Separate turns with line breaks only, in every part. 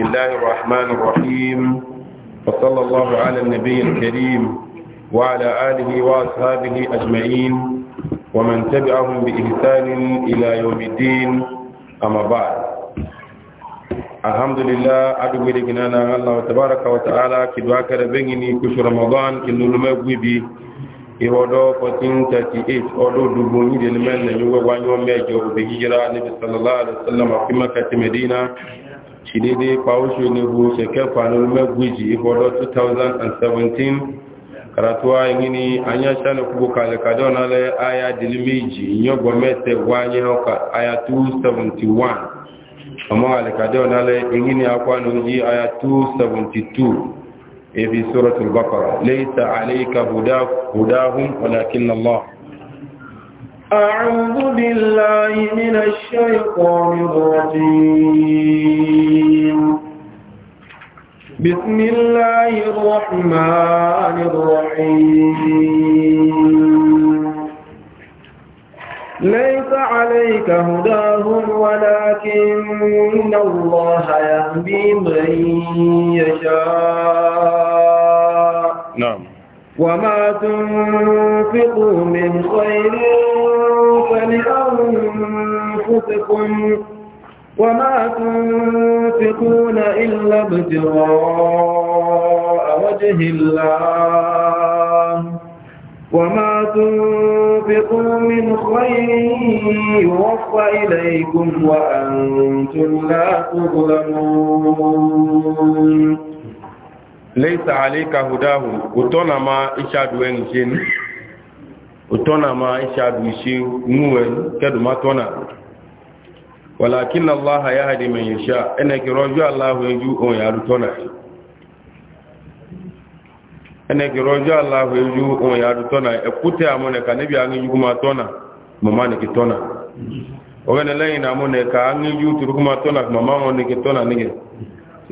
بسم الله الرحمن الرحيم وصلى الله على النبي الكريم وعلى آله وأصحابه أجمعين ومن تبعهم باحسان إلى يوم الدين أما بعد الحمد لله أدو بلقنانا الله تبارك وتعالى كي دعاك ربيني كش رمضان كي نلمك بي إيوالو فتن تاتي إيت أولو دبوني دي لمن نيوغا وانيوم يجو بهجرة النبي صلى الله عليه وسلم في مكة مدينة shidede paushe ne bu shekel kwanar magwiji ibodo 2017 karatuwa yini an ya shana kubu kalikado na laye aya dilimeji yo gwamnati wanye hauka aya 271 amma alikado na laye yini akwano ji aya 272 ebi suratul bakara laisa alayka hudahum walakin allah
أعوذ بالله من الشيطان الرجيم بسم الله الرحمن الرحيم ليس عليك هداهم ولكن الله يهدي من يشاء نعم وما تنفقوا من خير فلأنفسكم وما تنفقون إلا ابتغاء وجه الله وما تنفقوا من خير يوفى إليكم وأنتم لا تظلمون
laisa alayka hudahum utona ma ishadu engshin utona ma ishadu ishi nuwen kedu matona walakin allah yahdi man yasha ene kirojo allah eju on ya rutona ene kirojo allah eju on ya rutona ekute amone kanibi anju kuma tona mama ne kitona ogene leina amone ka anju turukuma tona mama ne kitona nige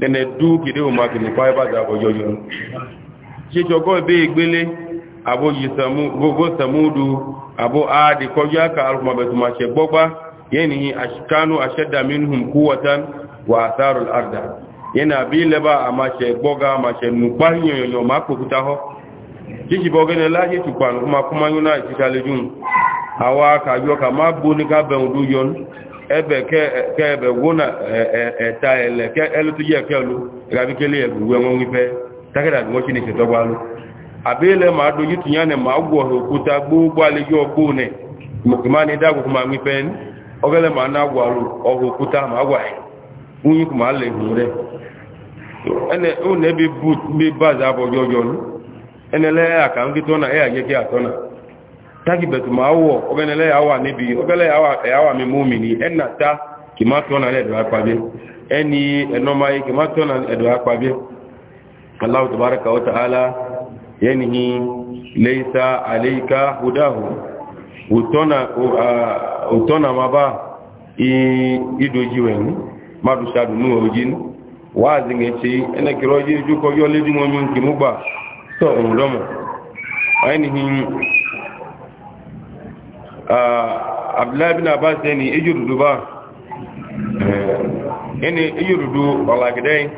dẹ̀nẹ̀ dú kìdí òun máa kìdí fáyé bá jàbọ̀ yọjọ́ ṣe jọgọ́ ibé ìgbélé àbò gbogbo sàmúdù àbò áàdì kọjá ká alùpàbẹ̀tùmà ṣe gbọ́gbá yẹni kánú aṣẹ́dàmínhùn kúwọ́tán wà àtàrù àrdà yẹni àbí lẹ́bà àmà ṣe gbọ́gá àmà ṣe nùpá yìnyọ̀nyọ̀ máa kòkúta họ́ ṣíṣì bọ́gẹ́nẹ́ láyé tùpànù kúmakúmayún náà ìṣíṣàlẹ́jùn àwọn akàyọ́ka má gbóníkà ebe ka ebe gwụ na eta e, e, ele ke elụtụ ji eke elu e gabi kele ya gbuwe nwe ife takịda gụọ chineke tọgbalụ abụ ma adụ gị tụnye anya ma ọgwụ ọha okwuta gboo ụgbọala gị ọgbụ une mana ma nwife ogele ma na agwalụ ọha okwuta ma agwaghị unyi kwụ bụ ka taki betu ma wo obenele awa nibi obele awa e awa mi mumini enna ta ki ma tona le do apabe eni enoma yi ki ma tona le do apabe Allah tabaraka wa taala yanhi laysa alayka hudahu utona maba i idoji wen madu sadu nu ojin wazi ene kiroji juko yo ledi mo nyun ki mugba so umudomo abdullahi bin abbas yani iji rudu ba yani iji rudu balagidai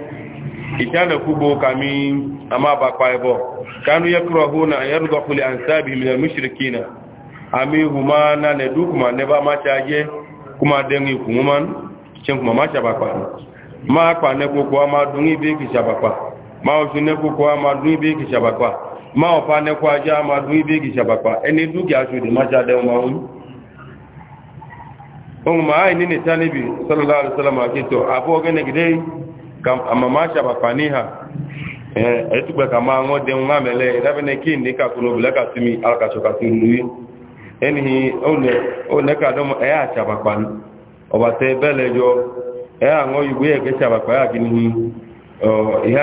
ita na kubo kami amma ba kwaibo kanu ya kura huna a yarda kuli an sabi minar mushrikina ami huma na ne du kuma ne ba ma caje kuma dengi kumuman cin kuma ma shabakwa ma kwa ne ko kuwa ma dungi bi ki shabakwa ma wasu ne ko kuwa ma dungi bi ki shabakwa ma ọ̀pá nẹ́kọ́ ajá ma dún ibe gị ṣàbàpá ẹni dúkìá ṣòdì má jáde ọmọ ohun ohun ma áì nínú ìta níbi sọ́lọ́lá àrùsọ́lọ́mà àkítọ̀ àbọ́ ọgẹ́nẹgidẹ́ àmàmá ṣàbàpá níhà ẹ̀ẹ́tùgbẹ̀ ka máa wọ́n dẹun ka ìdábẹ́nẹ́ kí ní kàkùnú ya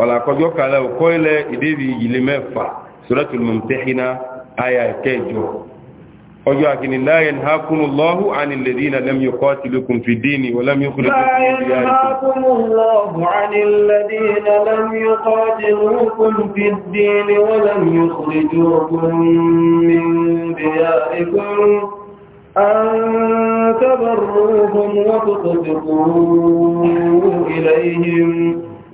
ọ̀là kọjọ́ kalẹ̀ òkọ́ ilẹ̀ ìdébì ìlé mẹ́fà suratul mumtahina aya kẹjọ ọjọ́ akini láyẹn hákúnù lọ́hù ánìlèdí na lẹ́m yóò kọ́tí lókun fi dínì wọ́n lẹ́m yóò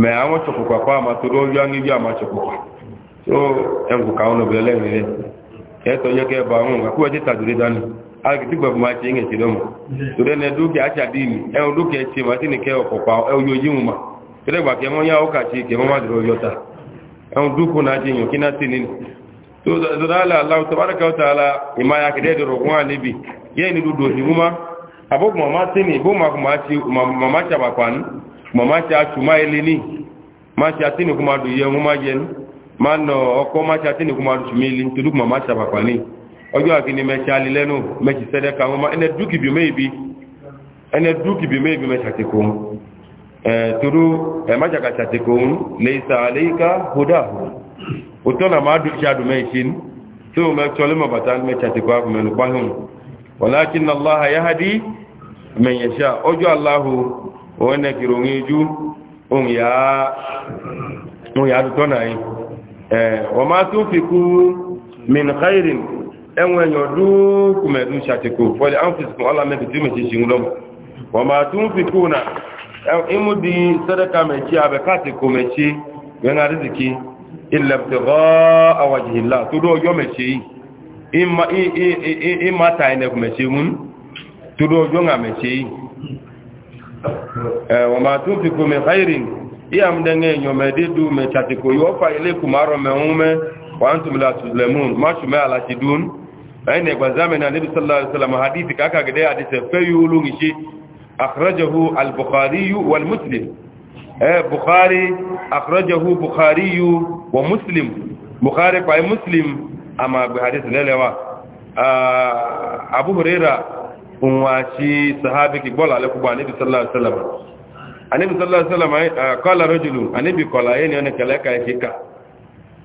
mɛ àwọn tsɔkpɔkpa kɔ ama tó ɖo yɔ anyi bi ama tsɔkpɔkpa tó ɛnkùkà wọn lɔbɛ lɛ nìyɛ ɛtɔ yɛ kɛ ba ŋu akó ɛtsi ta do ɖe dani alekiti gbɛfɔ ma tsi ŋɛtsi dɛ mo tó ɖe nɛ do kɛ atsi adi mi ni kɛ ɔkɔkpa ɛwɔ yi ŋu ma tó ɖe gba kɛ mɔ la la tabarakaw ta la ìmá ya kɛdɛ dɔrɔ ŋu anibi yɛ ni do do si ŋu ma abo kuma ma má ṣe ma ilé ní má ṣe àtínìkú máa dùn ma má ọkọ má nà ọkọ́ má ṣe àtínìkú máa dùn sùnmí ilé nítorí ọjọọ má ṣàpàpà ní ọjọ́ àkíní mẹ́ṣe alilẹ́nu wọn ẹni dúkìbì méèbì ẹni dúkìbì méèbì ẹ àtìkò ń toro ẹ̀májàkà ṣàtìkò ń lè sa tí òun nẹ̀kìrò òun ijú òun yà àdútọ́ náà yìí wọ́n máa tún fi kú min ẹwọ̀n èèyàn dúkùmẹ̀dú ṣàtìkò fọ́lẹ̀ áńfìsìkò alámẹ́kì tí mẹ́sì ṣe lọ́mù wọ́n máa tún fi kú náà tó dọ́ ọjọ́ yìí mú tó dọ́ ọjọ́ yìí wọ́n máa tún fi kò mẹ́ káyìrì ìyá mi dẹ́ngẹ́ èèyàn mẹ́ẹ̀ẹ́dẹ́dù mẹ́ẹ̀ẹ́tàtìkò yóò fa ilé kùmárọ̀ mẹ́ẹ̀ẹ́hún mẹ́ wàá tún la tùlẹ̀mùn máṣù mẹ́ àlàṣì dùn ẹ̀yìn ẹ̀gbà zámẹ́nà níbi sallàlùsallàmù hadithi kákàgẹ́dẹ́ àdìsẹ̀ fẹ́ yóò lóhùn iṣẹ́ àkọ́rọ́jọ̀hu albukhariyu wal muslim ẹ̀ eh, bukhari àkọ́rọ́jọ̀hu bukhariyu wa muslim bukhari pàì muslim àmàgbé hadithi lẹ́lẹ́wà ah, abu hurairah unwa shi sahabi ki bola le kuba nabi sallallahu alaihi wasallam anabi sallallahu alaihi wasallam qala rajulun anabi qala yani ne kala ka shika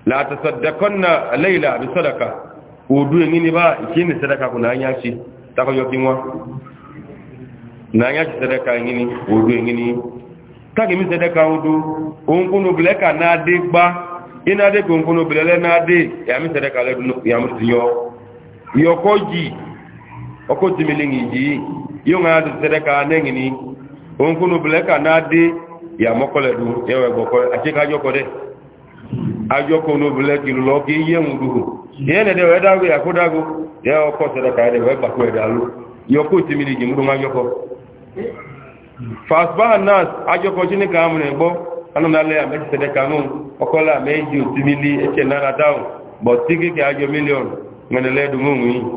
la tasaddaqanna layla bi sadaqa udu ngini ba kini sadaka kuna anya shi ta ko yokinwa na anya shi udu ngini bleka na de gba blele na de ya le ya mi yo yokoji oko dimili ngi yunga dere ka nengini onkunu bleka nadi ya mokole du yewe gokole ache ka joko de ajoko no bleki lo ke yemu du yene de weda go ya kuda go ya oko dere ka de weba ko de alu yoko dimili ngi mudu ngajoko fasba nas ajoko jini ka amune bo anu nale ya mbe dere ka no okola meju dimili eche nara dawo bo tiki ke ajo million ngene le du ngungu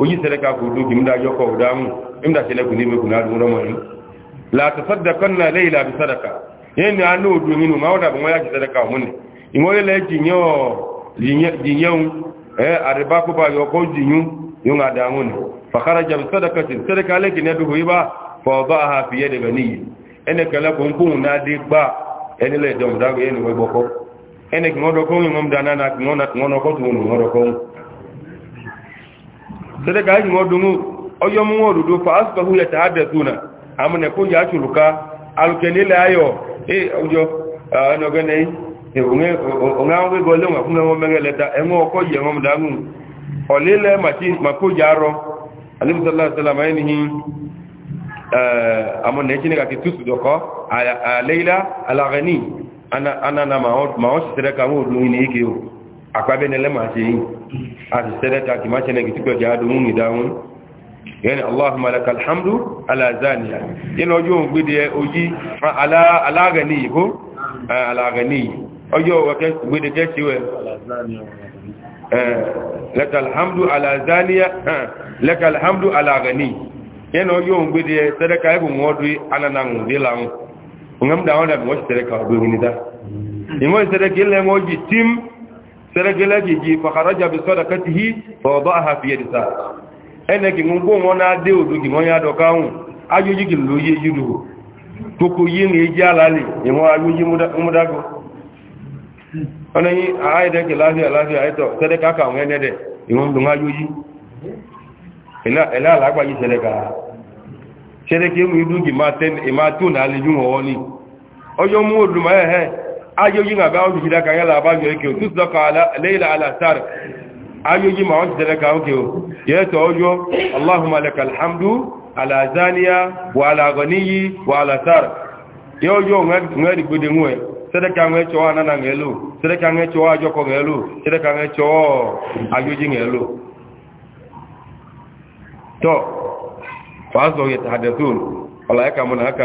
oyi sele ka ko do gimda yoko udamu imda sele ku ni me kuna du romo ni la tasaddaqanna layla bi sadaqa yen anu du ni no mawda bo ya sadaqa munne ingo le jinyo jinyo eh ariba ko ba yoko jinyu yunga damu ni fa kharaja bi sadaqatin sadaqa laki ne du hiba fa wadaha fi yadi bani ene kala ko kun na de ba ene le dom da ene ko boko ene ko do ko ngom dana na ngona ngona ko tu ngoro ko sadaka yaji modungu oyo mu wodudu fa asbahu yatahaddathuna amune ko ya chuluka alukenile ayo e ojo no gane e unge unga we gole ma kuma mo mengele ta engo ko ye mo dangu olile mati mako jaro ana ana na maot maot sadaka mo dungu ni ikio akpabe ne lema ce yi a su sadaka ki mace na gitikwa ji hadu muni dawun yani allahumma laka alhamdu ala zaniya yana ojo n gbede oji alagani ko alagani ojo gbede kẹsi wẹ laka alhamdu ala zaniya laka alhamdu ala gani yana ojo n gbede sadaka ibu nwodu ananan dila n ngam da wọn da bi wọn si sadaka ọgbẹ wunida ìwọ̀n ìsẹ́dẹ̀kì ilẹ̀ wọn jì tíìmù sẹ́rẹ́gẹ́lẹ́ gègé fàkàrọ́jà bí sọ́dà kẹ́tì hí fọ̀ọ̀bá àhàfíyẹ̀dìsá ẹnẹ́gì ń kó wọn náà dé òdògì wọn yá dọ̀káhùn ayójígì lóyé yúdùwò tókò yí ní ẹjẹ́ alálẹ̀ ìwọ̀n ayójí múdágó ọ̀nàyí àáyẹ̀dẹ́gì láfíà láfíà ẹ̀tọ́ sẹ́dẹ́ká kàwọn ẹnẹ́dẹ̀ ìwọ̀n dùn ayójí ẹ̀lẹ́ àlágbàyí ayoyi ma ba wani gida kan anya ba ne yake o da kala laila ala ayoyi ma wani daga ka o ya to ojo allahumma lakal alhamdu ala zaniya wa ala ghaniyi wa alasar ya yo yo ngari gude ngwe sadaka ngwe cho ana na sadaka ngwe cho ajo ko sadaka ngwe cho ayoyi ngelo to wala haka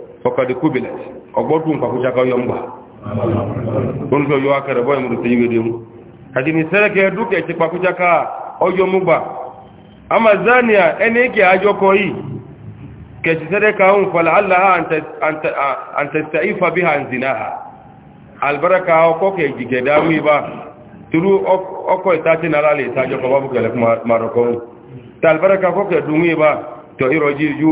ọkọ̀dé kúbìlẹ̀ ọgbọ́dún pàkúṣakọ yọ mbà oúnjẹ yọ akẹrẹ bọ́ ìmúrùtí ìwédé mú àti ní sẹ́rẹ̀kẹ́ dúkẹ̀ ti pàkúṣakọ ọjọ́ múgbà amazania ẹni kí àjọkọ yìí kẹ̀sì sẹ́rẹ̀kà ń fọlá aláha àǹtẹ̀tẹ̀ ìfà bí ha ń zìnà ha albaraka ọkọ̀ kẹ̀ jìgẹ̀ dámú ibà turu ọkọ̀ ìtàtí nára lè sájọkọ̀ wábùkẹ̀lẹ̀ fún marokọ́ tàlbaraka ọkọ̀ kẹ̀ dùnmú ibà tọ̀ ìrọ̀jì ju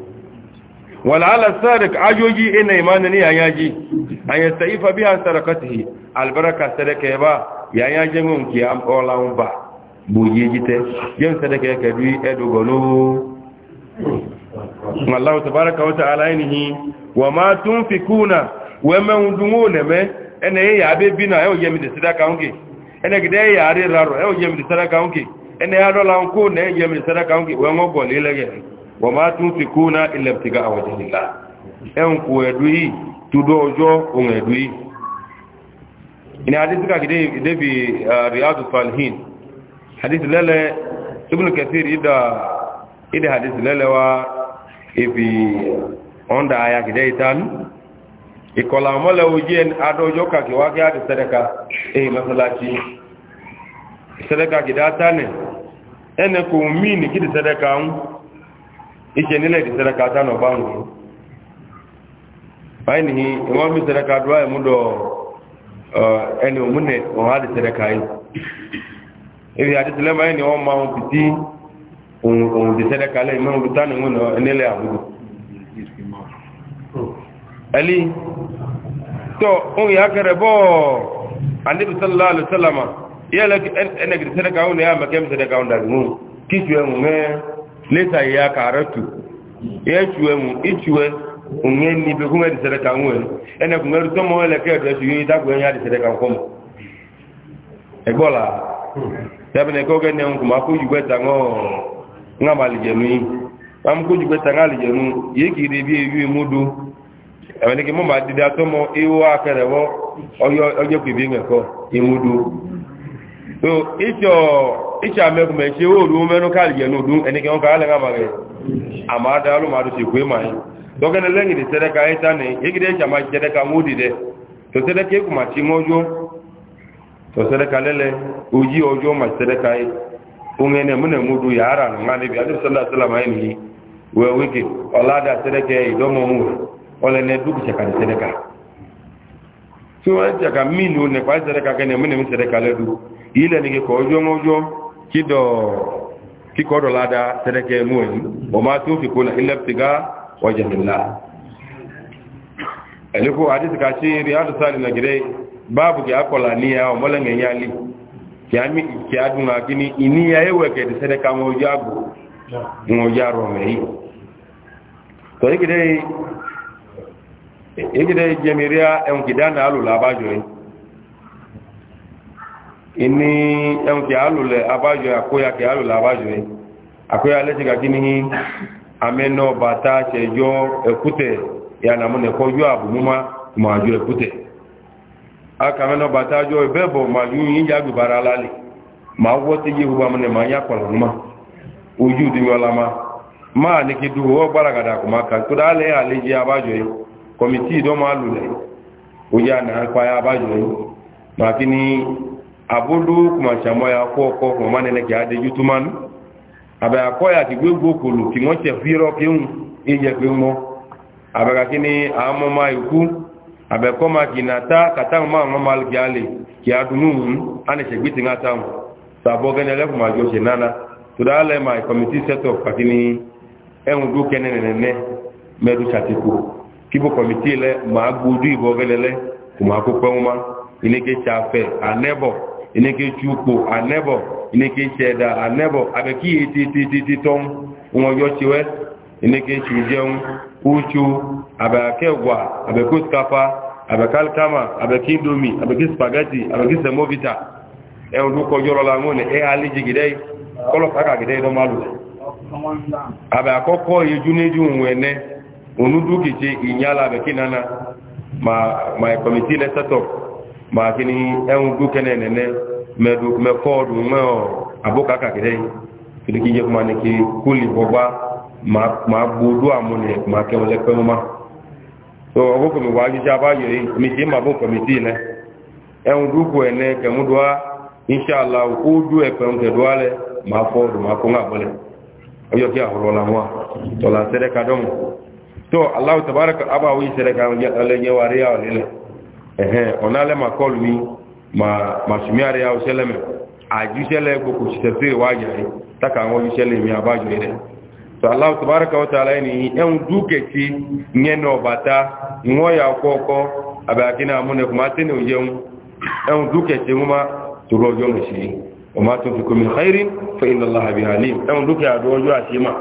wal ala sadiq ajoji ina imanin ya yaji an yastaifa biha sarakatihi albaraka sadaka ba ya yaji mun ki am olaun ba boye jite yin sadaka ka bi edu golo wallahu tabaaraka wa ta'ala inhi wa ma tunfikuna wa man dunguna me ene ya be bina e o yemi de sadaka unki ene gide ya ri raro e o yemi de sadaka unki ene ya dola unku ne yemi de sadaka unki wa ngo gole lege wọ́n máa tún fi kú ná ilẹ̀ tìga àwọ̀jẹ̀ nìlá ẹ̀hùn kò ẹ̀dù yìí tudu ọjọ́ ohun ẹ̀dù yìí ìní àdísíkà kìdé ìdébì ríádù salihin àdísì lẹ́lẹ̀ ibùn kẹsìr ìdá àdísì lẹ́lẹ̀ wa ibi onda ayà kìdé ìtànú ìkọlà ọmọlẹ̀ ojú ẹni adọ́jọ́ kàkíwá kí á ti sẹ́dẹ̀ka èyí mọ́sálásí sẹ́dẹ̀ka kìdá tánẹ̀ ẹnẹ kò mí ní kí iṣẹ́ nílẹ̀ ti sẹ́rẹ̀ká tánà bá ń rùn báyìí ni wọ́n mi sẹ́rẹ̀ká dúwà ìmúdọ̀ ẹni òmúnẹ̀ ọ̀há ti sẹ́rẹ̀ká yìí ibi àti tẹ́lẹ̀ báyìí ni wọ́n máa ń fi tí òun ti sẹ́rẹ̀ká lẹ́yìn mẹ́rin òkúta ní wọn nílẹ̀ àbúrò ẹlí tó ń yà kẹrẹ bọ́ anibi sallallahu alaihi wasallam yẹ́lẹ̀ ẹnẹ́gìrì sẹ́rẹ̀ká wọn ni yà mẹ́kẹ́ mi sẹ́rẹ̀ká wọn dàgbù kí ju ẹ̀ Nesa ya ka nwe ene kuma ruto mo ele ke do chuwe ta gwe ya disere ka komo egbola tabe ne ko ge ne kuma ku yugwe ta ngo nga mali jenu ku yugwe ta ye ki re bi ewi mudu ebe ke mo ma dida to mo iwa akere wo oyo oje ku bi nge ko so icha mẹ́kùn mẹ́ṣe ó rú mẹ́nu káàlìyàn ní ọdún ẹni kẹwọn káàlẹ̀ ń àmàrẹ̀ àmà dáálù máa tó ṣèkú ẹmà yìí dọ́kẹ́ni lẹ́yìn ní sẹ́dẹ́ka ẹ̀ta ni yíkìdẹ́ ìjà máa jẹ́dẹ́ka wó dìdẹ́ tó sẹ́dẹ́ka ẹkùn máa ti mọ́jọ́ tó sẹ́dẹ́ka lẹ́lẹ́ ojí ọjọ́ máa sẹ́dẹ́ka ẹ̀ ohun ẹni ẹ̀mú nẹ̀mú du yàrá nùgbà níbi alẹ́sọ̀lá tí wọ́n ń tẹ̀ka mí ní o nẹ̀pá sẹ́dẹ́ka kẹ́ ilẹ̀ nìkẹ́ kọ̀ ọjọ́ mọ́jọ́ kido kikodo lada tereke muyi wa ma tufikuna illa ibtiga wajhillah aliku hadith ka ci riyadu salina gire babu ki akola niya o molenge nyali ki ami ki adunga kini ini ya ewe ke de sereka mo jago mo jaro mei to igide igide jemiria en kidana alu labajo yi ini ẹun kì alùlẹ̀ abájọ àkóyà kì alùlẹ̀ abájọ ẹ àkóyà lẹ́sìn kàkí ní amẹ́nà bàtà ṣẹjọ́ ẹkútẹ̀ ìyànàmúnẹ̀kọ́jú àbùmúmá ma àjọ ẹkútẹ̀ akamẹ́nà bàtà jọ ìbẹ́bọ̀ màjú yín jágbé bara lálẹ́ màá wọ́ sí yé gbogbo amúnẹ̀ màá yá pọ̀lọ̀ mọ́ ojú ìdíwọ́lá abolu kuma chamo ya ko ko ko manene ki ade yutuman aba ako ya ki gbegbo kulu ki won che firo ki un iye aba ka kini amo ma iku aba ko ma kinata kata ma ma mal ki ale ki adunu ane che gbiti ngata un sabo gene le kuma jo nana to da ma committee set up ka kini ehun du kene ne ne me du chatiku kibo committee le ma gbodu ibo gene le kuma ko pe mo ma ile ke chafe anebo ineke chukpo anebo ineke cheda anebo abeki tititi tom umoyo chiwe ineke chujeun uchu abake gwa abeko skapa abekal kama abeki domi abeki spaghetti abeki semovita e ndu ko joro la ngone e ali jigidei kolo kaka gidei do malu abe akoko yejuneju nwene onudu kiche inyala abeki nana ma my committee let's ma kini ẹun dú kẹ́nẹ̀ nẹ́nẹ́ mẹ́kọ́ọ̀dù mẹ́ọ̀ àbókàkà kẹ́rẹ́ kìlì kí jẹ́ kuma ní kí kúlì bọ́gbá ma gbódú àmúnẹ̀ ma kẹwọn wá yìí mi ma bó kọ̀mí sí ilẹ̀ ẹun dú kọ ẹ̀nẹ́ kẹmúdúá inṣàlá ó dú lẹ ma fọ́ọ̀dù ma kó kí yìí ehe onale ma call mi ma ma sumiare ya usele me ajusele ko ko tafsir waje taka ngo usele mi aba ile to allah tbaraka wa taala ni en duke ti ngeno bata ngoya koko abakina amune kuma tene ujeun en duke ti nguma to rojo ngi o ma tunfiku min khairin fa inna allaha bi alim en duke adojo ma.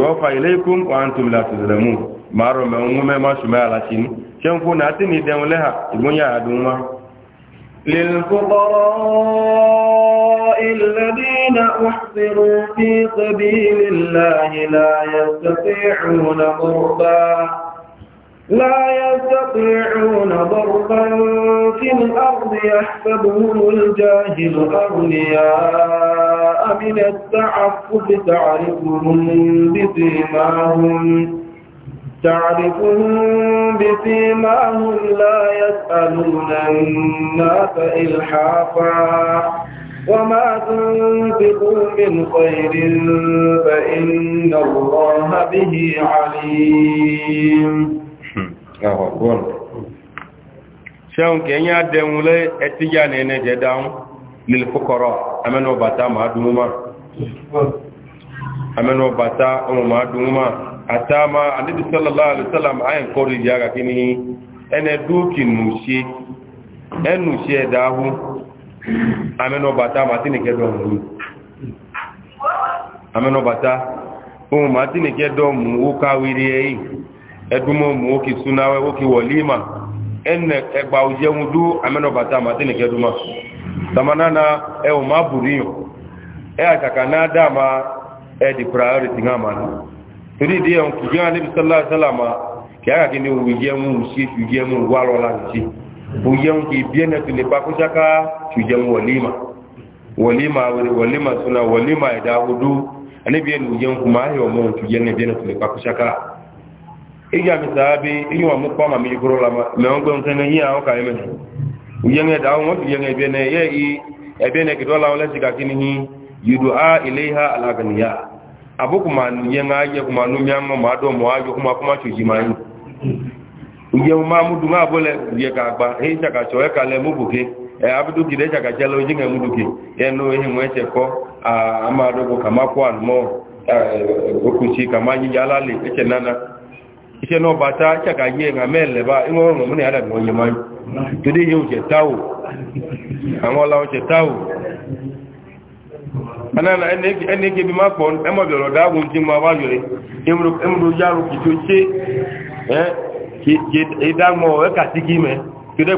wọ́fà iléikún wọ́n la tùzùlẹ̀mú ma rọ̀ mẹ́ ohun mẹ́ máa ṣùgbẹ́ aláṣí ní ṣe ń fún àti ní ìdẹun lẹ́hà ìgbóyà
àdún wá للفقراء لا يستطيعون ضربا في الأرض يحسبهم الجاهل أغنياء من التعفف تعرفهم بسيماهم تعرفهم بثيماهم لا يسألون الناس إلحافا وما تنفقوا من خير فإن الله به عليم
ṣeun kẹ̀yìn adẹ̀hun lé ẹtíjà ní ẹni jẹ dáhùn lílì fúkọrọ amẹ́nu bàtà máa dùn mọ́ amẹ́nu bàtà ọmọ máa dùn mọ́ àtàmà àdébí sọ́lọ́lá àlùsọ́làm àyẹn kọ́rì ìyá kàkí ní ẹni dúkì nù ṣe ṣe ẹ̀dáhùn tí ẹdúmọ̀ mú ó kì súnáwẹ́ ó kì wọ̀límà ẹnẹ ẹgbà òjẹun dú amẹ́nàbàtà àmàtínìkẹ́ dúmọ̀ tamanana ẹ e ò má bùríyàn ẹ e àtàkà náà dáàmà ẹ e di priority náà mà ní torí ìdí ẹ̀hún kìí jẹun níbi sọ́lá sálàmà kì á kàkí ni òjẹun òṣì òjẹun wà lọ́la nìṣí òjẹun kì í bí ẹnẹ tó lè pakú sáká òjẹun wọ̀límà wọ̀límà wọ̀límà súná wọ̀límà ẹ̀dá odó ẹnẹ́bí ẹnu òjẹun kùmà ayọ̀ mọ́ òjẹun ẹ̀bí ẹnẹ tó lè pakú sáká ija mi saabi inyu wa mukpa ma mi kuro la me on gbe nkan yi awon ka yeme yenge da won yenge bi ne ye i e bi ne ki do la won le sika kini hi yudua ilaiha alaganiya ma nye nga ye kuma nu nya ngo ma do mo ajo kuma kuma chuji ma yi ije ma mu du ma bole ye ka gba e ka cho e ka le mu e ja ka jelo e, e, e, ji e no e mu e ko a do ko kama kwa okuchi le iṣẹ́ náà bá tá ṣàkà yí ẹ̀rà mẹ́lẹ̀ bá inú ọ̀rùn mú ní àdàbí wọ́n yẹ máa ń tódé yíò jẹ táwò àwọn ọlá ọjẹ táwò anára ẹni gẹ́bí má pọ̀ ẹmọ̀bẹ̀rọ̀ dáàgùn tí ma wá yọrẹ ẹmọ̀rọ̀ yàrù kì tó ṣe sí kí tó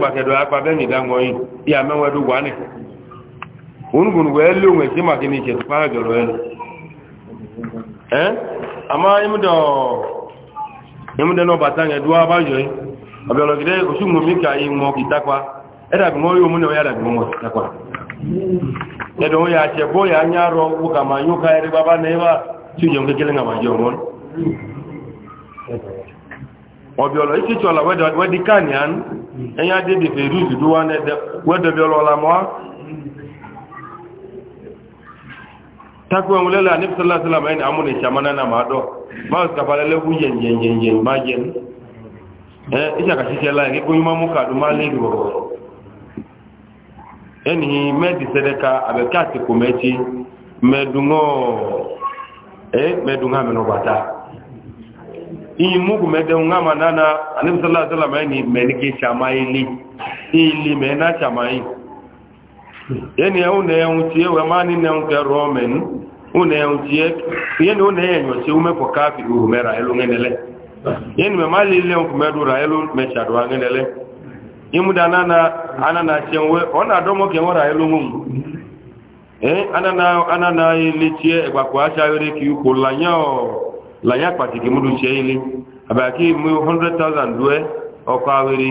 apá ẹ emudeno batanga e duwa bajoy e. abelogide oshumu mika imo kitakwa era bimoyo mune oyara bimomo kitakwa edo ya chebo nyaro uka manyuka e baba neva chuje ngekele ngabajo mon obiolo ikichola wedi kanian enya dedi feruzi duwa ne wedi biolo la mo takwa mulela ni sallallahu alaihi wasallam amune chamana na mado ma le buje nje nje nje maje eh isha kashisha la ngi kunyuma muka dumale ndo eni medi sedeka abekati kumeti medungo eh medunga meno bata ii mugu medunga manana anabi sallallahu alaihi wasallam ni meniki chamaili ili mena chamaili yẹni ẹ ọnà ẹhùn tí ẹ wẹ máa ní ẹhùn kẹ rọmẹn ọnà ẹhùn tí ẹ yẹni ọnà ẹyàn tí ó mẹkọ káàfi òhùn mẹra ẹ ló ń ẹnẹlẹ yẹni mẹ má lè lé ẹhùn kùmẹ dùrà ẹ ló mẹtsà dùn án ẹnẹlẹ ìmúdà anana anana tiẹ wẹ ọnà àdọmọ kẹ wọra ẹ ló ẹ anana anana yẹ lé tiẹ ẹgbàkọ àti ayọrẹ kì í kó lànyà ọ lànyà pàtìkì múdu tiẹ yẹ lé àbàkì mú hundred thousand dùẹ ọkọ awẹrẹ.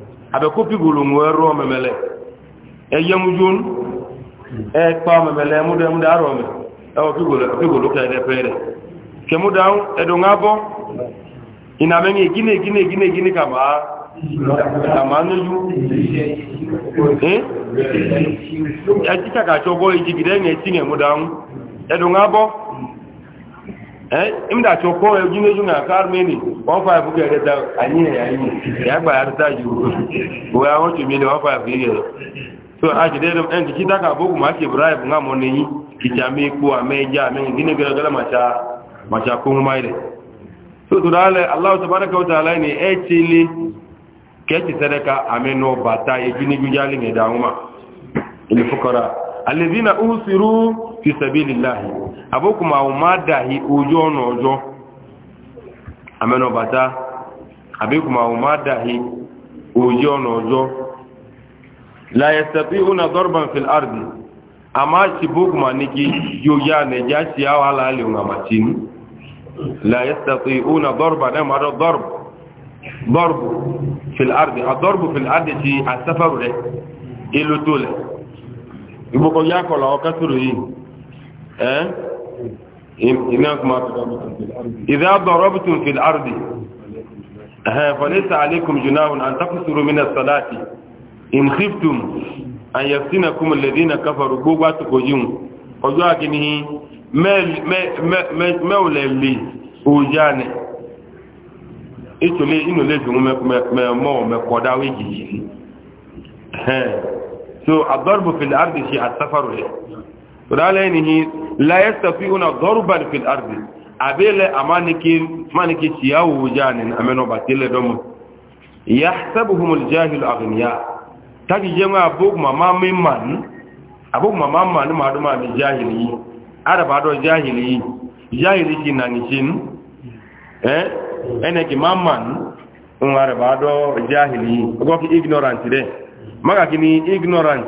abẹ́kó pígòlò mú ẹrọ mẹ́mẹ́lẹ́ ẹyẹmújún ẹpa mẹ́mẹ́lẹ́ múdẹ́múdẹ́ arọ mẹ́ ẹwọ pígòlò kẹ́ẹ̀dẹ́fẹ́ rẹ̀ kẹmúdáhùn ẹ̀dùn ábọ́ ìnàmẹ́ni gíní gíní gíní gíní kàmá níjú ẹjíkàkàṣọ́gbọ́ ìjìgìdẹ́ ẹ̀dùn ábọ́ Eh? imda cho ko e jine junga karmeni wa fa bu ga da eh, anyi ya yi ya ba har ta ju wa wa to mi wa fa bi so a ji dedo en ki taka e bu ma ki bribe nga mo ni ki chami ku ameja me gara gara macha macha ku mu so to allah wa taala ni e ke ti ka bata e jine da uma usiru fi abokuma awo ma dahi ojú ọ̀nà ọjọ́ amẹ́nọ̀bàtá abokuma awo ma dahi ojú ọ̀nà ọjọ́ láyẹsẹ̀bí una dorban fil ardi a máa ṣe bókuma ní kí yóò yá nẹjá sí àwọn aláàlẹ̀ ohun àmàtí ní láyẹsẹ̀bí una dorban náà mọ́dọ̀ dorbu fil ardi a dorbu fil ardi ti a sáfàrù rẹ̀ ilú tó lẹ̀ ìgbòkọ̀ إنكما إذا ضربتم في الأرض فليس عليكم جناح أن تقصروا من الصلاة إن خفتم أن يفتنكم الذين كفروا بوغاتكم يوم ọjọ́ àkíní mẹ́ọ̀lẹ̀ lè òjá nẹ̀ ìtòlé inú lè dùn mọ́ mẹ́kọ̀ọ́dá wéjì yìí so àbọ̀rùbù fìlà àbìsí àtàfàrò rẹ̀ ralenihi la yastafiuna darban fil ardi abele amaniki maniki ciyawu janin ameno batile domo yahsabuhum aljahil aghniya tagi jema abuk mama mimman abuk mama man maduma ni jahili araba do jahili jahili kinani chin eh eneki mamman un araba do jahili go ki ignorant de maga kini ignorant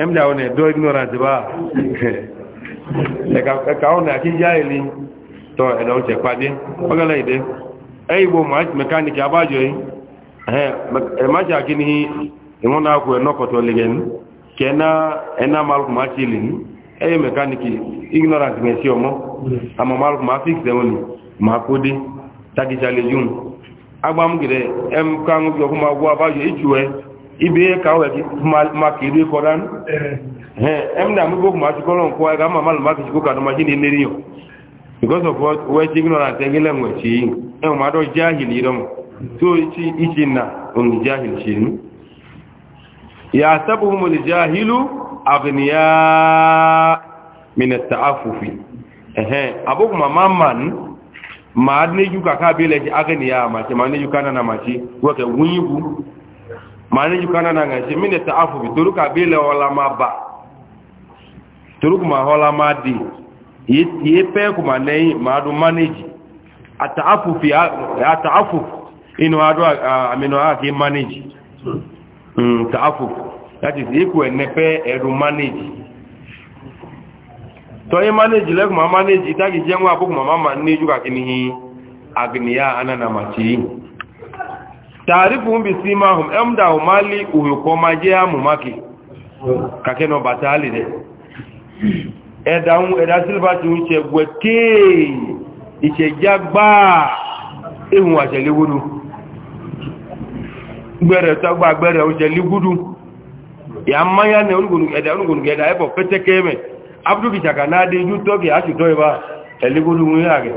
emda one do ignorance ba e ka one aki jahili to e do che pade ogala ide e igbo ma mechanic abajo yi eh e ma ja kini iwon na ku enokoto legen kena ena mal ma chilin e mechanic ignorance me si omo ama mal ma fix de oni ma kodi tagi jale yun agbam gire em kan bi ko ma gwa abajo ijuwe ibe ka wɛ ki ma kiri kɔda nu eh. eh, na mi gbogbo ma ti kɔlɔn kɔ ma ma lɔ ma kisi ko kanu ma ti ni neri yɔ because of what wɛ ti ignorant ɛgi lɛ ŋɔ tsi ɛn ma dɔ jahili dɔ mo so itsi itsi na ɔnu um jahili tsi nu yasabu humuli jahilu abogun eh, ma ma ma maa kaka bi ma ma na ma mani jukana na ngaji mine taafu bituru kabile wala ba turu kuma hola madi yepe kuma nei madu manage ataafu fi ataafu inu adu amino aki manage mm taafu that is equal nepe eru manage to e manage le kuma manage itagi jenwa abu kuma mama ni juga kini agniya anana machi taarifu mbi simahum emda umali uhyokomajea mumaki kakeno batali de ẹ̀dà ẹ̀dà silva ti ń ṣe gbẹ̀tẹ́ ìṣẹ̀jágbà ihun àṣẹ̀lẹ́gbúdú gbẹ̀rẹ̀ tọgbà gbẹ̀rẹ̀ òṣẹ̀lẹ́gbúdú ya mmanya na ẹ̀dà onígbònù ẹ̀dà ẹ̀bọ̀ pẹ́tẹ́kẹ́ mẹ́ abúrúkì ṣàkà náà dé ijú tọ́gì àṣìtọ́ ìbá ẹ̀lẹ́gbúdú wọn yà rẹ̀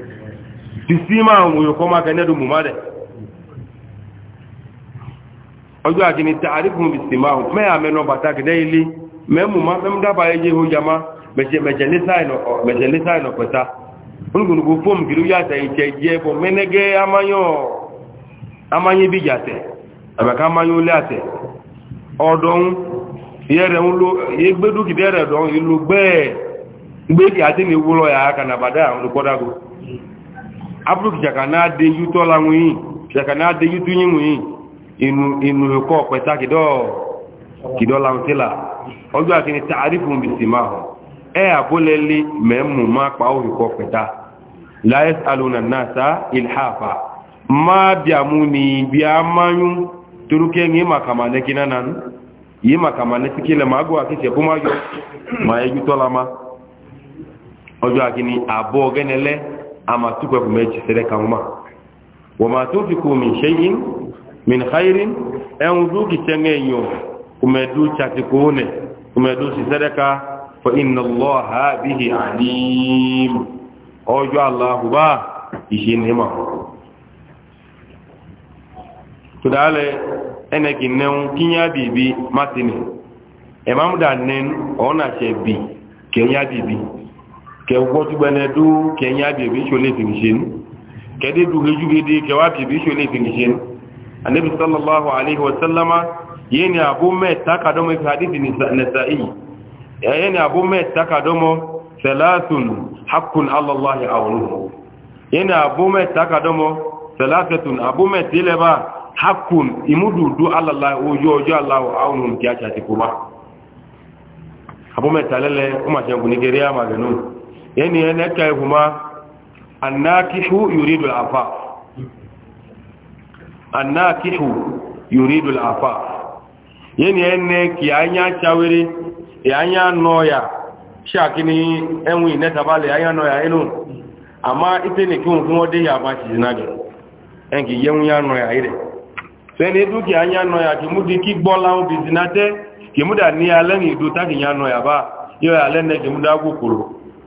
bisima ŋuyo kɔma kɛ ne do muma dɛ ɔjɔ akini taarifu bisima o mɛ y'a mɛ bata kɛ ne yi li mɛ muma mɛ daba ye yeho jama mɛjɛ mɛjɛ lisa yi nɔ ɔ mɛjɛ lisa yi nɔ pɛta olukunuku fom kiri ya ta itsɛ jɛ bɔ mɛnɛgɛ amanyɔ amanyi bi dza tɛ abaka amanyi lɛ atɛ ɔdɔn yɛrɛ ŋlo yegbedu kidi yɛrɛ dɔn ilu gbɛɛ gbɛɛ kati ni wulɔ ya kanabada ŋlo kɔda ko abúrúkì ṣàkà náà dé yú tọ́lá wọn yìí ṣàkà náà dé yú tún yìí wọn yìí inú ẹ̀kọ́ pẹ̀ta kìdọ́ láwọn tí là ọjọ́ àti ní tààrífù bí sì máa hàn ẹ àbólẹ́lé mẹ́mù ma pa òrùkọ pẹ̀ta láyé alùnà náà sá ìlhàfà máa bí àmú ni ma a máa yún torúkẹ́ ní màkàmà lẹ́kí náà nánú yìí màkàmà lẹ́kí kílẹ̀ máa gbọ́ àkíṣẹ́ kó máa yọ máa yẹjú tọ́lá má ọjọ́ àti ní àbọ̀ ọ̀gẹ́nẹlẹ́ ama tukwe kumechi sereka uma wama tufiku min shay'in min khairin enzuki chengenyo kumedu chatikune kumedu sereka fa inna allaha bihi alim ojo allah ba ishinema tudale ene kinne kinya bibi matini imam danen ona chebi kenya bibi kẹwọ́ túgbẹ́nẹ́ dó kẹyìn àbẹ̀bí ṣolé fìrìṣẹ́n kẹdẹ́ dùgbẹ́júgẹ́dẹ́ kẹwàá bẹ̀bí ṣolé fìrìṣẹ́n anabi sallallahu alaihi wasallama yẹni abu mẹ́ta kàdọ́mọ́ fi hadithi nasa'i yẹni abu mẹ́ta kàdọ́mọ́ salatun hakun allahi awuruhu yẹni abu mẹ́ta kàdọ́mọ́ salatun abu mẹ́ta ilẹ̀ba hakun imududu allahi ojú ọjọ́ allahu awuruhu kí a ṣàtìkú ma abu mẹ́ta lẹ́lẹ́ ó ma ṣe yani yana kai kuma annakihu yuridu al'afaf annakihu yuridu al'afaf yani yana ki anya ya e anya noya ya enwi netabale e anya noya inu amma ite ne kuma dai ya ba zinage en ki ya noya ire se ne duki anya noya ki mudi ki gbola obi zinate ki muda ni idu ta ki ya noya ba yo ki muda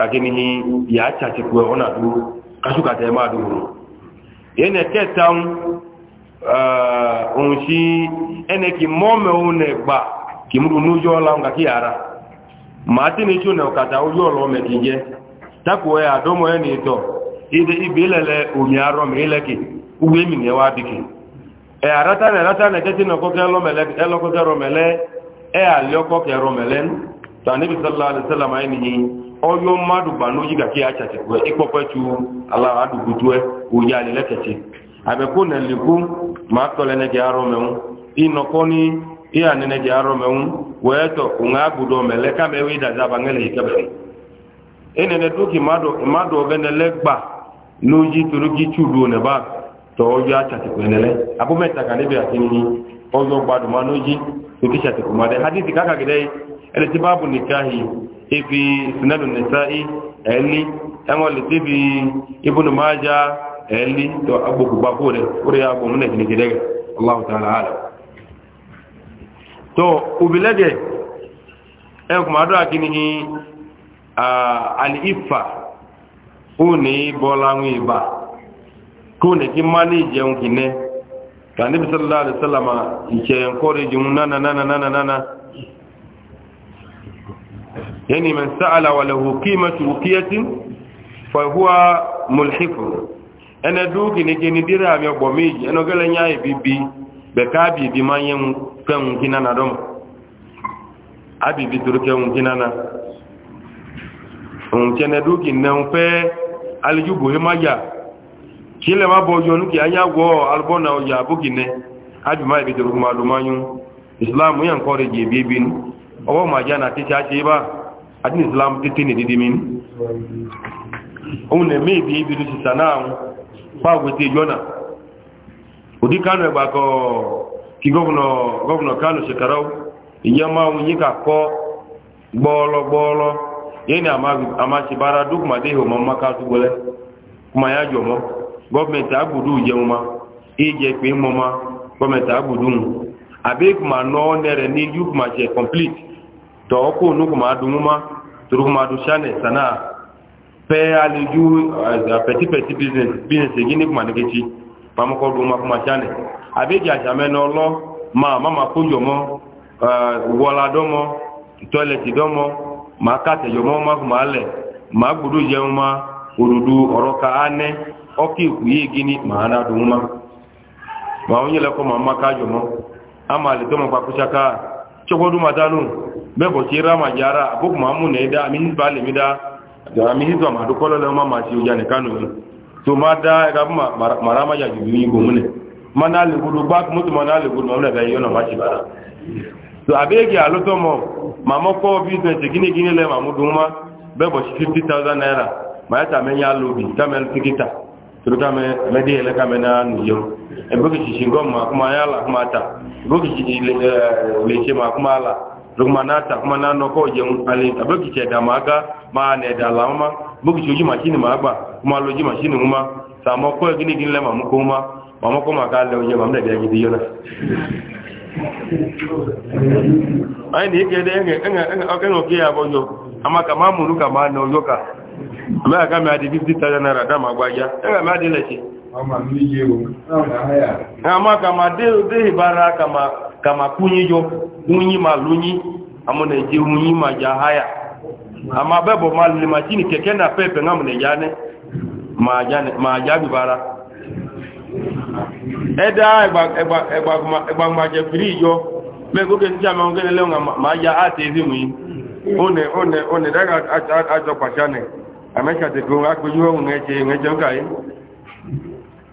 kakini ya caci kuwa ona du kasu ka tema du ru ene ketan uh onshi ene ki mome one gba ki mu nu jo la nga ki ara ma ti ni chu ne ukata ta ojo lo me ki je ta ko ya do mo eni to ide ibilele omi aro mi leki uwe mi ne wa biki e arata ne arata ne keti no ko ke lo mele e lo ko ke ro mele e ali oko ke ro mele ta ni bi sallallahu alaihi wasallam ayini e ọyọ mmadụ gba n'oji gake ya chachakwe ịkpọkwechu ala adugutue oyi alilekachi abekwu na ma atọlene gị arụ menwu ịnọkọ ni ihe anene gị arụ menwu wee tọ onwe agụdo kama ịdaza abanyele ikebere mmadụ gba n'oji gị tọ nele abụmetaka na ịbịa ọyọ n'oji toro ebi sinadu nisa'i ẹni ẹwọn lè tẹbi ibùnú máa já ẹni tó agbègbè kó rẹ ó rẹ agbègbè múnẹ kìnnìkì rẹ aláwọ tààlà àlọ. tó obìlẹ́dẹ̀ ẹkùn máa dọ́ra kìíní ní àlìfà ó ní bọ́lá ń ibà kó ní kí má ní ìjẹun kìíní kàníbi sọ́lá yani man sa'ala wa lahu qimatu uqiyatin fa huwa mulhifu ana duki ne gini dira mi ogbo meji ana gele nyai bibi be ka bibi manyen kan kina na dom bi turke un kina na un chene duki ne un pe aljubu himaja kile ma bojo nuki anya go albona o ya bi ajuma ma turku malumanyun islam yan kore je bibin owo majana ti cha ba adin islam titini didimin òun lè mé ìbí ibi lóṣù jona fún na ụdị òdí kánò ẹgbà kọ kí gọ́vùnà nye ka ìyẹn máa ń yíká kọ́ gbọ́ọlọ́gbọ́ọlọ́ yẹ́nì àmáṣebára dókùmàdé ìhòmọ́ maka túgbọ́lẹ́ kúmà ya jọ mọ́ gọ́ọ̀mẹ̀ntì àgbòdú jẹun ma ìjẹ pé mọ́ ma gọ́ọ̀mẹ̀ntì àgbòdú mu àbẹ́kùmà náà nẹ́rẹ̀ ní yúkùmà ṣe complete tọ́ ọkọ̀ ma. turkumadu shane sana pe aliju peti peti business business gini kuma ne kici pamu ko duma kuma shane abeji ajame no ma mama kojo mo uh, wala domo toilet domo ma kate yo mo ma kuma ale ma gudu je ma odudu oroka ane oki kuye gini ma ana duma ma onye le ko mama kajo mo ama le domo pa kushaka chogodu madanu bẹ́ẹ̀bọ̀ tí rama yára àkókò máa mú nẹ́ dá àmì bá lè mí dá àmì hìtò àmàdó kọ́lọ́ lẹ́wọ́n máa máa ṣe ojà nìkan nù tó máa dá ẹ̀ka fún màrá máa yàjú yìí kò múnẹ̀ máa náà lè gbọdọ̀ gbá mọ́tò máa náà lè gbọdọ̀ ọ̀rẹ́ ẹ̀ka yọ̀nà máa bára. tó àbẹ́ẹ̀kì àlótọ́mọ màmọ́ kọ́ bí gínígíní lẹ́ màmú fifty thousand naira màá ta mẹ́yà lóbi támẹ́lì tíkítà tó kámẹ́ mẹ́dí ẹ̀lẹ́ kámẹ́ náà nìyọ ẹ̀bùkì ṣìṣì lukumanata kuma na nɔkɔ jɛun ale a bɛ kisɛ da ma ka ma nɛ da la ma bɛ kisɛ oji masini ma gba kuma loji masini kuma samɔ kɔ ye gini gini lɛ mamu ko ma mamu ko ma k'a lɛ o jɛ mamu lɛ bɛ gidi yɔrɔ ayi nin kɛ dɛ ɛŋɛ ɛŋɛ ɛŋɛ ɛŋɛ k'e y'a bɔ jɔ a ma ka ma munu ka ma nɛ o jɔ kan di fifty thousand naira d'a ma gba ja ɛŋɛ mɛ a di lɛ ti. a ma ka ma de de ibara ka ma kama kunyi jo unyi malunyi amune je unyi majahaya ama bebo malli machini kekena pepe ngamune jane majane majabi bara eda egba egba egba egba maje frijo me goge njama ngene leo maja ate hizimu yi one one one daga ajo pachane amesha te kunga kujuo ngeje ngeje ngai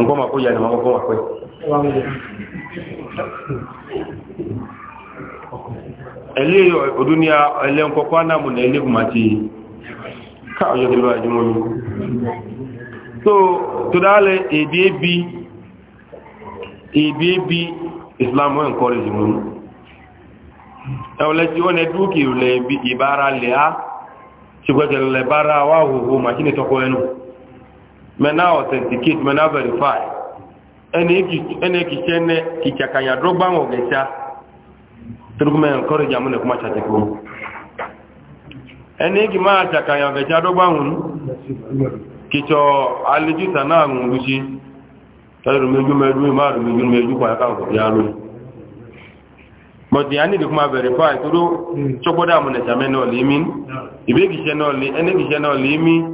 nǹkan máa kó yà ní máa kọ́kọ́ wà pẹ́. ẹlẹ́ ọdún ní ẹlẹ́ kọ́kọ́ ánàmù ní ẹlẹ́ kùmà ti káàkiri kìlọ́ àjúmọ́ ní so tó dálẹ̀ èdè bí èdè bí islam wọ́n encourage mú ẹwọ́lẹ́ tí wọ́n ẹdúkì ìbára lẹ́á ṣùgbọ́n tẹ̀lẹ̀ bára wà màṣínì tọ́kọ ẹnu mena authenticate mena verify ene kichene kichakanya drogba ngogecha turukume encourage amune kuma cha tiku ene gima chakanya ngogecha drogba ngun kicho aliju sana nguruji taru meju meju maru meju meju kwa ka ko yalo but the ani kuma verify turu hmm. chokoda amune chamene olimin ibe kichene oli ene kichene olimi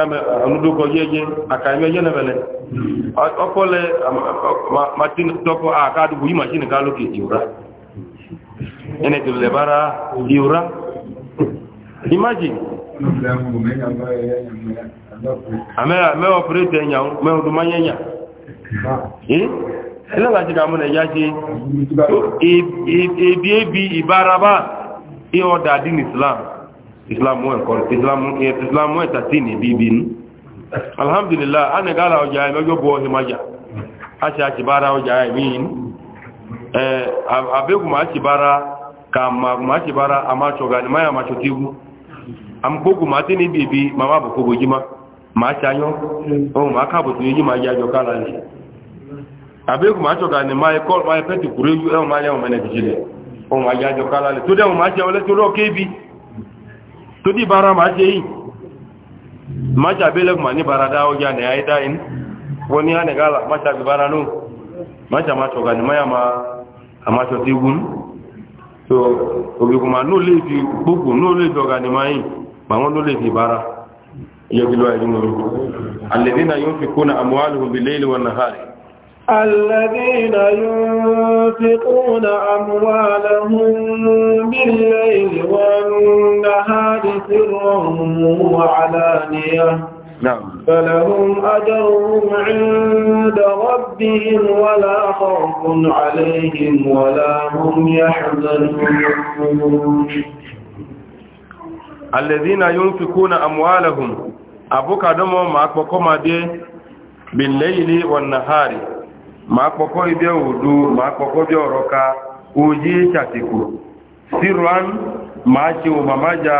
kama amuduko yeje akanywa yene bele okole matin toko akadu buyi machine galu ki yura ene dule bara yura imagine ame ame operate nya me oduma eh ele la jiga e e bi e order din islam islamu ẹ̀kọ́ islamu ẹ̀tàtí ní bíbí ní alhamdulillah eh, a nì gára ọjà ẹ̀lọ́jọ́ bọ́ ọ̀hìmájà a ṣe àṣìbára ọjà ẹ̀míyìn abẹ́kùnmá àṣìbára kàmàkùnmá àṣìbára àmàṣọ̀gà ní máyà ma tí wú àmúgbókùnmá tí ní bíbí màmá àbùkógbò jímá màá ṣayọ́ ohun màá káàbò tí ma máa yájọ kára lè abẹ́kùnmá àṣọ̀gà ní máyà kọ́ máyà tó dì bára máa jẹ́ yìí máa jàbé lẹ́gbùnmà ní bára dáwọ́ ya nẹ̀ àìdá in wọ́n ní ànẹ̀gálà máa jàbé bára náà máa jà máa ṣọ̀gà ní máyà máa ṣọ tí gún so ògbìkùnmà náà lè fi gbogbo náà lè jọ̀gà ní máa fi bára yẹ kí lọ́wọ́ ẹ̀yìn
الذين ينفقون أموالهم بالليل والنهار سرا وعلانية نعم فلهم أجرهم عند ربهم ولا خوف عليهم ولا هم يحزنون
الذين ينفقون أموالهم أبوك دمهم أكبر كما دي بالليل والنهار ma kpọkọ ibia odo ma kpọkọ bia ọrọka oji chateku sirran ma ce o mamaja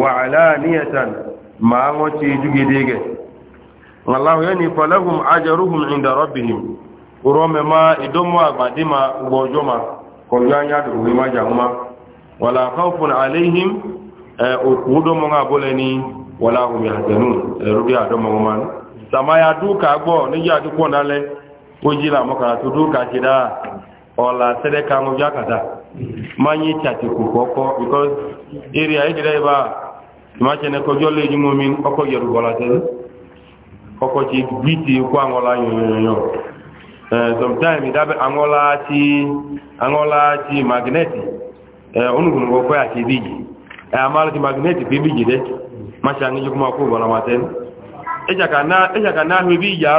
wa alaniyatan ma ngoci jugidege wallahu yani falahum ajruhum inda rabbihim urome ma idomo agbadima gbojoma kojo anya do we ma jahuma wala khawfun alaihim udomo ngaboleni wala hum yahzanun rubi adomo man sama ya duka gbo ni ya duko nale ojila maka tudu ka kida ola sede ka mu jakata manyi chati ku koko because area ikire ba ma chene ko jolle ji mumin oko yoru bola sede oko ji biti ku angola yoyoyo eh sometimes da be angola ti angola ti magneti eh onugun ko ko ya ti biji eh amal ti magneti bi biji de ma shangi kuma ku bola maten eja kana eja kana hu bi ya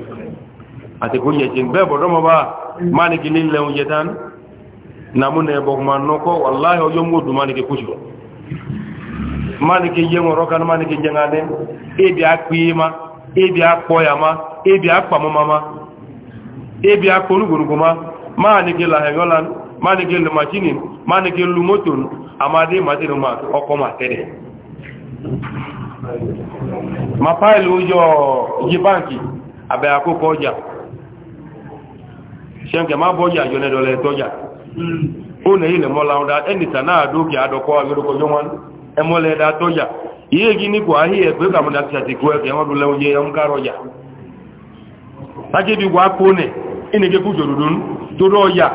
ati ko yece gbe bo domo ba mani ki lille un yetan namune bo man noko wallahi o yongo du mani ki kujo mani ki yengo rokan mani ki jengade e bi akpima e bi akpoya ma e bi ma mama e bi akonu gurugu ma mani ki la hegolan mani ki lu machini mani ki lu motun amade matinu ma oko ma tede ma pailu yo yi banki abe akoko ọjà sẹ́ńkẹ̀ má bọ́ yà yọnẹ́ lọ́lẹ́ tọ́jà ó nẹ̀ ilẹ̀ mọ́la ọ̀dá ẹni tànà àdókè àdọ́kọ́ agbẹ́dọ́kọjọ́ wọn ẹmọ́lẹ̀ ẹ̀dá tọ́jà yíyé gí ní kò áhí ẹ̀gbẹ́ kàmúdà ti àtìkú ẹ̀kẹ́ wọn lọ́wọ́ yẹ ẹ̀hún kárọ̀ yà lájẹ́bí wà kó ya ẹni kékú jòdòdó tó rọ̀ yà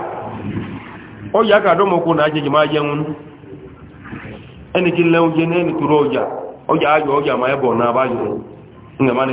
ọ yà kà dọ́mọkú náà jẹ́ jìmá jẹun ẹni kí lẹ́wọ́ jẹ́ ní ẹni na rọ̀ yà ọjà ayọ̀ ọjà máa ẹ̀bọ̀ náà bá yọ̀ ní ẹ̀má ni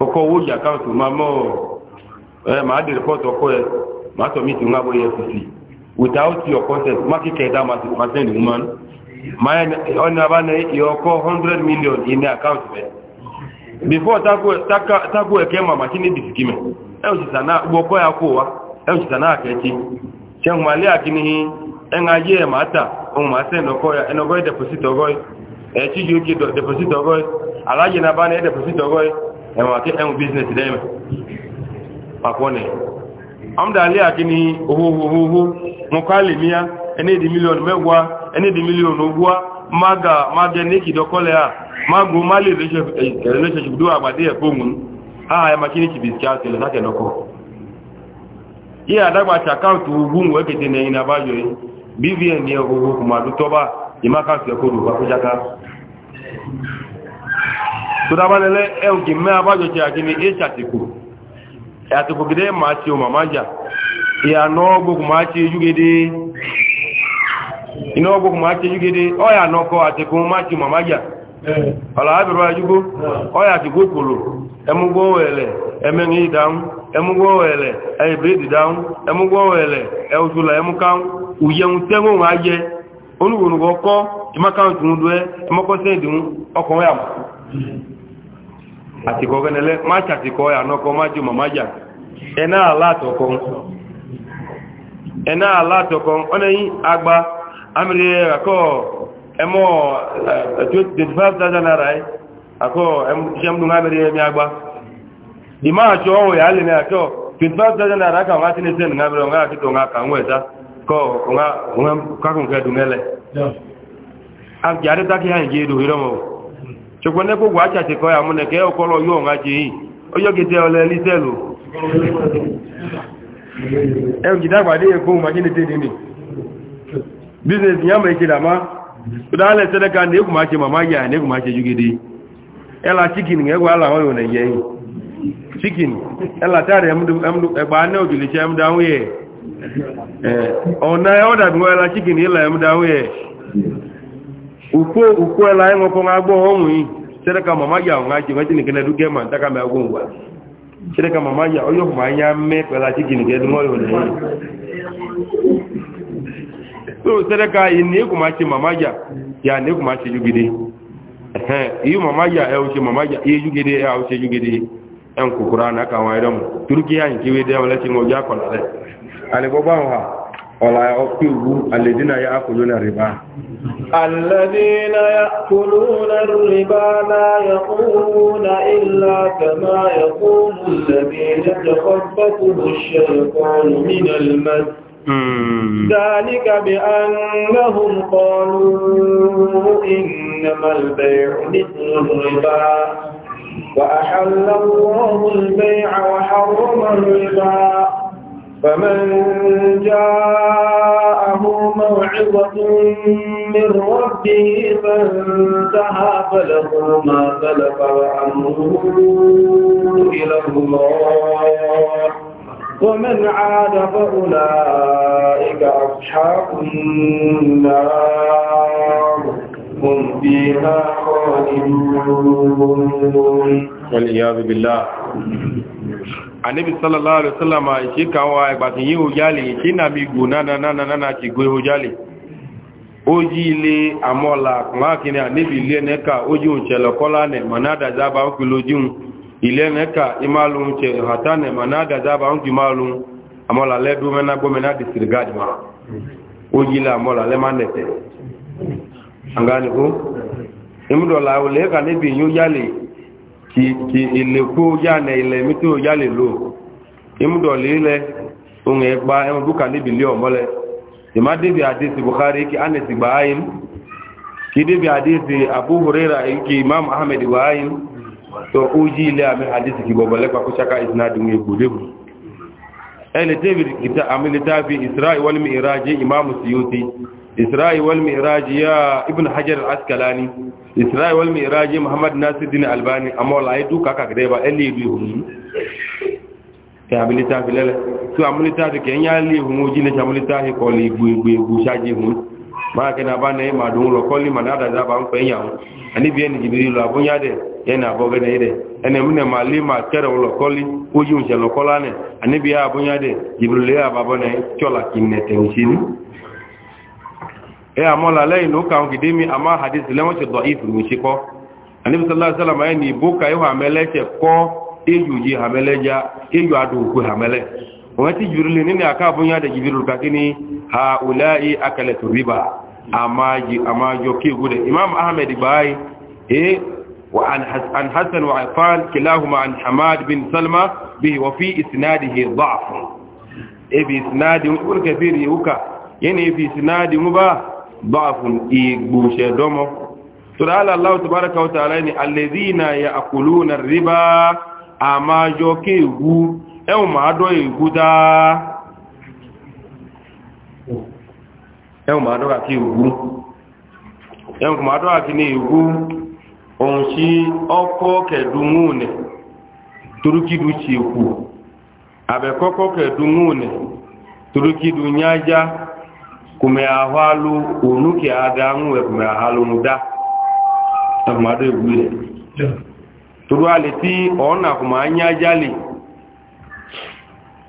kọ́kọ́ owó ìjà káàtó máa ọ ẹ máa dé rìpọ́tù ọkọ ẹ máa sọ mí ti ń gbàgbọ́ without your consent má kíkẹ́ ẹ̀dá máa ti máa sẹ́ni mú mọ́nú máa ọkọ hundred million before tako ya kó wa máa ohun máa deposit ọgọ́ tí yóò ké deposit ọgọ́ náà bá ní ẹ̀wọ̀n àti ẹ̀wọ̀n business dẹ́mẹ̀ pàpọ̀nẹ̀ amdàlẹ́ àti ní ohohohoho mọ̀kálì míá ẹni ìdí mílíọ̀nù mẹ́wàá ẹni ìdí mílíọ̀nù ogúwá mága mágẹ ní ìkìdọ́kọ́lẹ̀ à mágo má lè relationship eh, dó àgbàdé ẹ̀kọ́ òun àà ẹ̀mà kí ní kì bìsí àti ilẹ̀ sákẹ̀lọ́kọ́ yíya àdágbà ṣàkáùtù ogún wẹ́kẹ̀tẹ̀ ní ẹ̀yìn abájọ́ yìí tutabalele euki me abajo ti akini echa tiku ya tiku gide machi o mamaja ya no gbo machi yugede ina gbo machi yugede o ya no ko atiku machi mamaja ọ̀la abìrò ajúgbó ọ̀yà àtìkú pòlò ẹmúgbó ẹ̀lẹ̀ ẹmẹ́ni ìdáhùn ẹmúgbó ẹ̀lẹ̀ ẹ̀bẹ̀rẹ̀ ìdáhùn ẹmúgbó ẹ̀lẹ̀ ẹ̀ọ̀tùlà ẹmúkáhùn òyẹun tẹ́wọ̀n ayẹ olùwòrùn àtìkọ́ gẹ́nẹ́lẹ́ má ṣàtìkọ́ ànọ́kọ́ má jù màmá jà ẹ̀nà àlátọ̀kọ́ ẹ̀nà àlátọ̀kọ́ ọ́nẹ́yìn agba amìrí àkọ́ ẹmọ́ 25,000 naira ẹ́ àkọ́ ṣẹ́mdún amìrí ẹmí agba ìmá àṣọ ọwọ̀ yà lè ní àkọ́ 25,000 naira kà wọ́n ti ní sẹ́nì amìrí ọ̀gá àti tọ̀ngá kàwọn ẹ̀ta kọ́ ọ̀gá kákùnkẹ́ dùn mẹ́lẹ̀ chekwa ne gbogbo achachi ka ya mụ na ke ọkọrọ ya ọha ji eyi onye elise olelitelu egide e, agba adịghị ekwu ma dị nete dini biznes ya ma ekele ama ụda ala etere ka na ma machi mama gị a na egwu machi ela chikin egwu ala chikin ela na chikin ịla emda nwunye ukwu ukwela anyị nwekọ nwa agbọghọ onwe yi chere ka mama ya ọnwa ji nwetị nke na-eduga ma ntaka ma agwụ ngwa chere ka mama ya onye ọkụma anya mme chi gị nke edum ọrịa ole ya so chere ka ị na-ekwumachi mama ya ya na-ekwumachi jugide iyi mama ya ya e mama ya ihe jugide dị ya nwa ọla ọkụ iwu ya
الذين يأكلون الربا لا يقومون إلا كما يقوم الذين تخبطه الشيطان من المس ذلك بأنهم قالوا إنما البيع مثل الربا وأحل الله البيع وحرم الربا فمن جاءه موعظة من ربه فانتهى فله ما سلف وأمره إلى الله ومن عاد فأولئك أصحاب النار هم فيها خالدون
والعياذ بالله anabi sallallahu alaihi wasallam ṣe kan wa ìgbàtí yí ojálè ṣe na mi gò nánanánà ti gbé ojálè ó jí ilé àmọ́la kùnmáàkiri anabi ilé ẹnẹ́ka ó jí òun ṣẹlọ̀kọ́lá nẹ̀ mọ̀nádàzába ń fi lójúun ilé ẹnẹ́ka ìmáàlùn ṣe hàtà nẹ̀ mọ̀nádàzába ń fi máàlùn àmọ́la lẹ́dún mẹ́ná gómìnà disregard ma ó ti ilẹ̀kú yánà ilẹ̀ mítí ó yálè lò ìmúdọ̀lì ilẹ̀ ohun ẹgbà ẹmọ búkà níbi ilé ọ̀mọ́lẹ̀ ìmá débi àdéṣì buhari kí anẹ̀sì gbáyín kí débi àdéṣì abúhùrẹ́rà kí imam ahmed gbáyín tó ó yí ilẹ̀ àmì àdéṣì kí bọ̀bọ̀lẹ́ pàkó ṣaka ìsinadùn egbòdébù ẹni tẹ́bi kìtà àmìlítà israel wọlmi ìrájì imam siyuti israel wọlmi ìrájì yá ibn hajar al-askalani israel wal miraji muhammad nasiruddin albani amola ay duka kaka gede ba eli bi hum ke abilita bilele tu amulita de kenya li hum ji ne amulita he ko li gbu gbu gbu shaji hum ma ke na bana ma dun lo ko li manada da ba nko enya hum ani bi en jibril lo abunya de yana bo gede de ene mune ma li ma kere lo ko li oji un se lo ko lane ani bi abunya de jibril ya babo ne chola kinne te usini e amola lẹ́yìn ló kàwọn gidi mi àmá hadith lẹ́wọ́n ti dọ̀ ìfìrù mi ṣíkọ́ anibi sallallahu alaihi wasallam ẹni ìbó ka ihò àmẹ́lẹ́ tẹ kọ́ eyù yìí àmẹ́lẹ́ já eyù adùnkù àmẹ́lẹ́ wọ́n ti jùrù nínú àkáàbóyá dẹ̀ jìbìrù kàkí ni ha ulai akẹlẹ̀ tó rí bá imam ahmed gbáyé e wa an hassan wa afan kilahuma an hamad bin salma bihi wa fi isnadihi dha'fun e bi isnadi wa kullu kabir yuka yani fi isnadi mubah ضعف إيقبوش دومو سرعال الله تبارك وتعالى الذين يأكلون الربا أما جوكي يقو أو ما دو يقو دا أو ما دو أكي يقو أو ما دو أكي يقو ọ̀nṣí ọkọ̀ kẹ̀dùnmù nẹ̀ torúkìdù ṣe kù àbẹ̀kọ́kọ́ kẹ̀dùnmù nẹ̀ torúkìdù kumeahalu unuki adamu kumeahalu nuda akumado egwire turu aleti ona kumanya ajali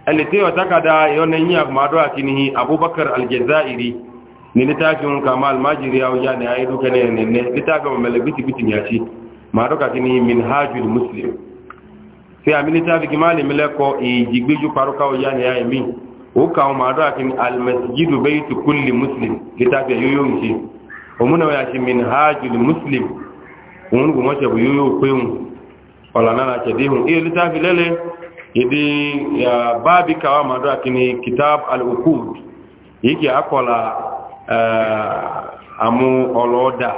aleti otakada yona nyi akumado akinihi abubakar aljazairi ni litafin kama almajiri au yani aidu kene nene litafin mamalabiti biti nyachi madoka kini ni muslim fi amilitafi kimali mileko ijigbeju paruka o yani ayi mi o kawo ma do akin almasjidu baytu kulli muslim kitabe yoyo nji o muna ya shi min hajul muslim un gu mo chebu yoyo peun ola nana chedihun e litafi lele idi ya babi kawo ma do akin kitab al uqud yiki akola uh, eh, amu oloda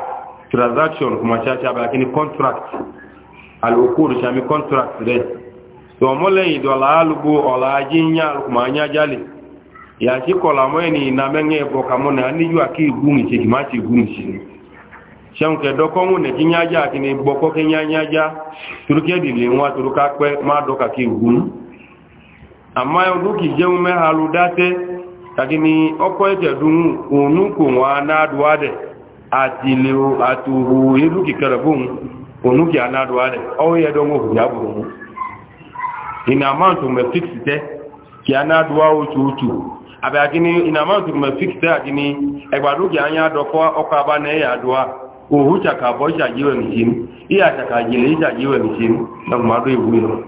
transaction kuma chacha ba akin contract al uqud contract re tọmọlẹyìn dọlà alùgbò ọlà ajé ńyá alùpùpù anyá jálè yàtí kọlà mọ ẹni ìnàmẹngẹ ẹbọ kàmọ náà níjú àkè ìgbùn ìṣe kì má ti ìgbùn ìṣe sẹun kẹdọ kọmú nẹ kí nyájá kí ni gbọkọ kí nyájá turukẹ dìde wọn turuka pẹ má dọ kàkè ìgbùn àmọ ẹnu kì jẹun mẹha lu dátẹ kàkí ni ọkọ ẹtẹ dùn òun kò wọn anádùá dẹ in amount me fix te ki ana duwa otu otu abe agini in amount me fix te agini egbadu ki anya doko oka ba na ya duwa ohu chaka bo ja jiwe mishin iya chaka jile ja jiwe mishin na madu iwu yo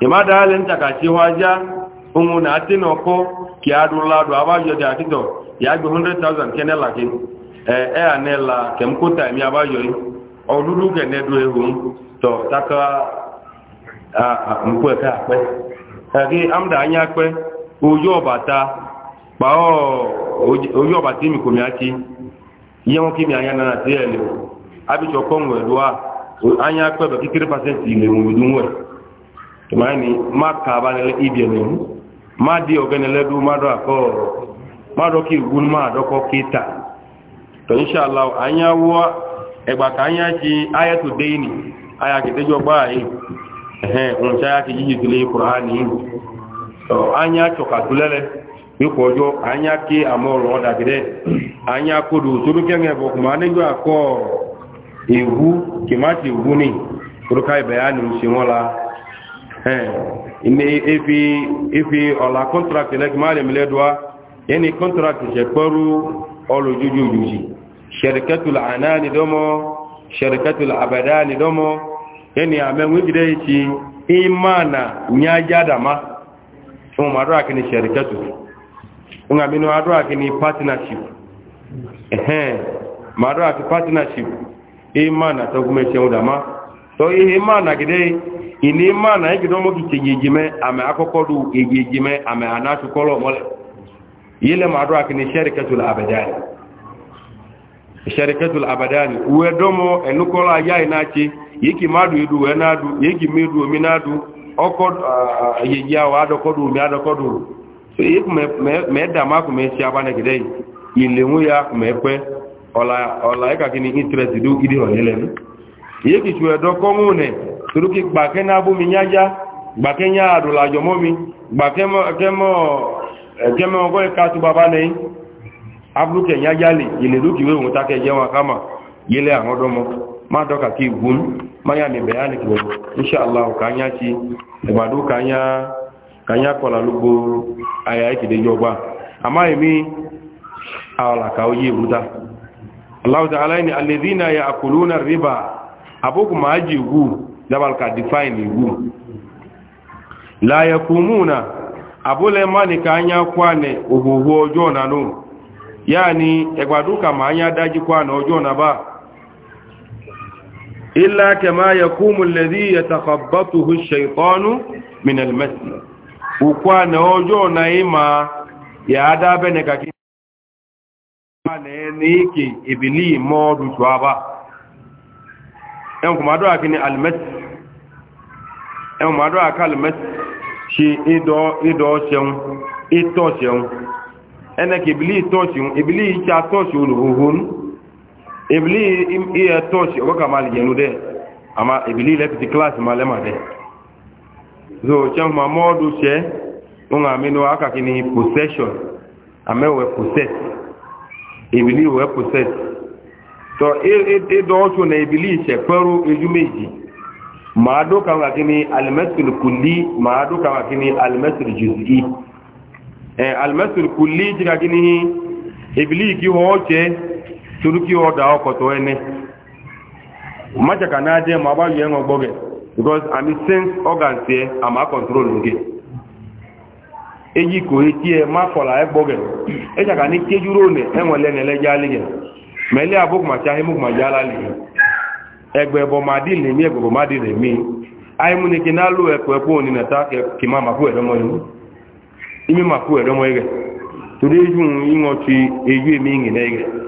imada ale ntaka chi waja ungu na ati noko ki adula do abajo de akito ya gbe 100000 kenela ki eh eh anela kemkota mi abajo yi odudu kenedu ehun to taka nkwe ah, ah, ah, ka akpe agi amda anya akpe oyo ọbata kpa oyo ọbata imikomi aki ihe nwoke imi anya na na tl abicha ọkọ nwere dua anya akpe bụ kikiri pasenti ile mwedu nwe tumani ma ka abanele ibie nemu ma di ogenele du mmadụ akọ mmadụ ka igwu ma adọkọ kita to inshallah anya wụọ ịgba ka anya ji aya today ni aya keteji ọgba anyị ehe wọn ṣe ake yíyí tilé kùránì anya tọkàtúlẹ́lẹ́ wípọ̀ ọjọ́ anya ké àmọ́ ọ̀rọ̀ ọ̀dàgẹ́dẹ́ anya kódò tóbi kẹ́ngẹ̀ bọ̀ kùmà níjọ́ àkọ́ ìwú kìmáàtì ìwú ni kúrúkà ìbẹ̀yàní ń ṣe wọ́n la efi ọ̀la kọ́ntrakì lẹ́kìmáàlì mílẹ́dùá yẹni kọ́ntrakì ṣẹ̀pẹ́rú ọlójójójì ṣẹ̀rẹ̀kẹ́tù àná ni dọ́mọ́ ṣẹ̀rẹ̀kẹ́tù àbàdá ni dọ́mọ́ yani amenwe gide ci imana nyaja dama mu madwa kini sharikatu unga minu madwa kini partnership ehe madwa ki partnership imana to gumeche udama to imana gide ini imana gido mo kichenyejime ame akokodu ejejime ame anatu kolo mole yile madwa kini la abadani sharikatu la abadani uwedomo enukola yai yiki madu idu we nadu yiki medu mi nadu oko yeji awa adokodu mi adokodu so yiku me da ma ku me si abane gidei ile nwu ya me pe ola ola ika kini interest du idi ho yele mi yiki chu edo ko mu ne turu ki gba ke na bu mi nyaja gba ke nya adu la jomo mi gba ke mo ke mo ke mo ko ka tu baba ne abru ke nyaja le ile du ki we won ta ke je wa kama yele awon domo ma doka ki gun ma ya mi bayani ki wogo insha Allah ka nya ci e ba do ka nya ka nya ko la lugo aya ki de joba ama emi awala ka buta Allah ta'ala ni alladhina ya'kuluna ar-riba abuku ma ji gu dabal ka define gu la yakumuna abule mani ka nya kwane ogogo ojo na no yani egbaduka ma anya daji kwane ojo na ba إلا كما يقوم الذي يتخبطه الشيطان من المسجد وكان وجو نايما يا دابنك كي نيكي إبلي مود شوابا أنكم أدوا كني المس أنكم أدوا كالمس شي إدو إدو شون إتو شون أنك إبلي توشون إبلي شاتوشون هون ebili iye tɔɔsi o bɛ ka ma alijanu dɛ ama ebili lɛ piti kilasi ma lɛ ma dɛ so tiɲɛ kuma mɔɔdu sɛ ŋun ka mi no a ka kini possession ame wɛ possess ebili wɛ possess tɔ e e e dɔgɔtɔ na ebili sɛ kpɛru edumeji maa do kan ka kini alimɛtiri kuli maa do kan ka kini alimɛtiri juzi ɛ alimɛtiri kuli ti ka kini ebili ki hɔɔ cɛ. suruki ọda ọkọtọ maja ka na adị ma agbalị enwe ọgbọ because ami sense organs yẹ ama control gị eji ko eti ma kọla ẹgbọ gị echaka ni kejuru one enwele na eleje alị ma ele abụk ma ma egbe bụ ma dị na-emi egbe bụ ma dị na-emi anyị na ke na-alụ ekwe ekwe na ta ma kwụ edomo ihu imi ma kwụ edomo ihe torí eju ịṅụchi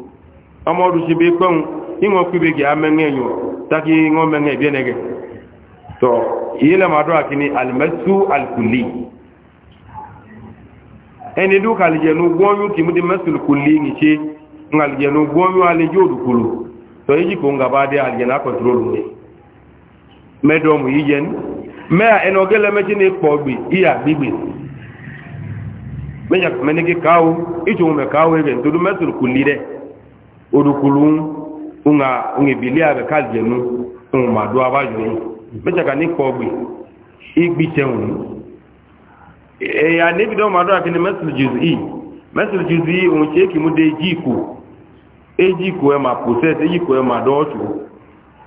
ọmọdụ si bụ ikpe ịnwe kwibe gị amenge enyo taki ịnwe menge ebie nege tọ ihe na madụ akini alimesu alikuli ẹni dụ ka alijẹnu gwọnyụ kìmụ dị mesul kuli ngiche nga alijẹnu tọ iji ko ngaba dị alijẹnu akọntrolu ne mẹdọmụ ijen mẹ́à ẹni ọgẹ́ lẹ́mẹ́tí ní pọ̀ gbì ìyà gbígbì mẹ́jà mẹ́nigi káwó ìtòun mẹ́káwó ẹgbẹ̀ tó dún mẹ́sùlùkù lì rẹ̀ Odukulu unga unge bilia be kaje nu un ma do abaju ni ka ni ko gbe igbi teun e ya ni bi do ma do akini mesl juz'i mesl juz'i un che ki mu de jiku e jiku e ma process e jiku e ma do otu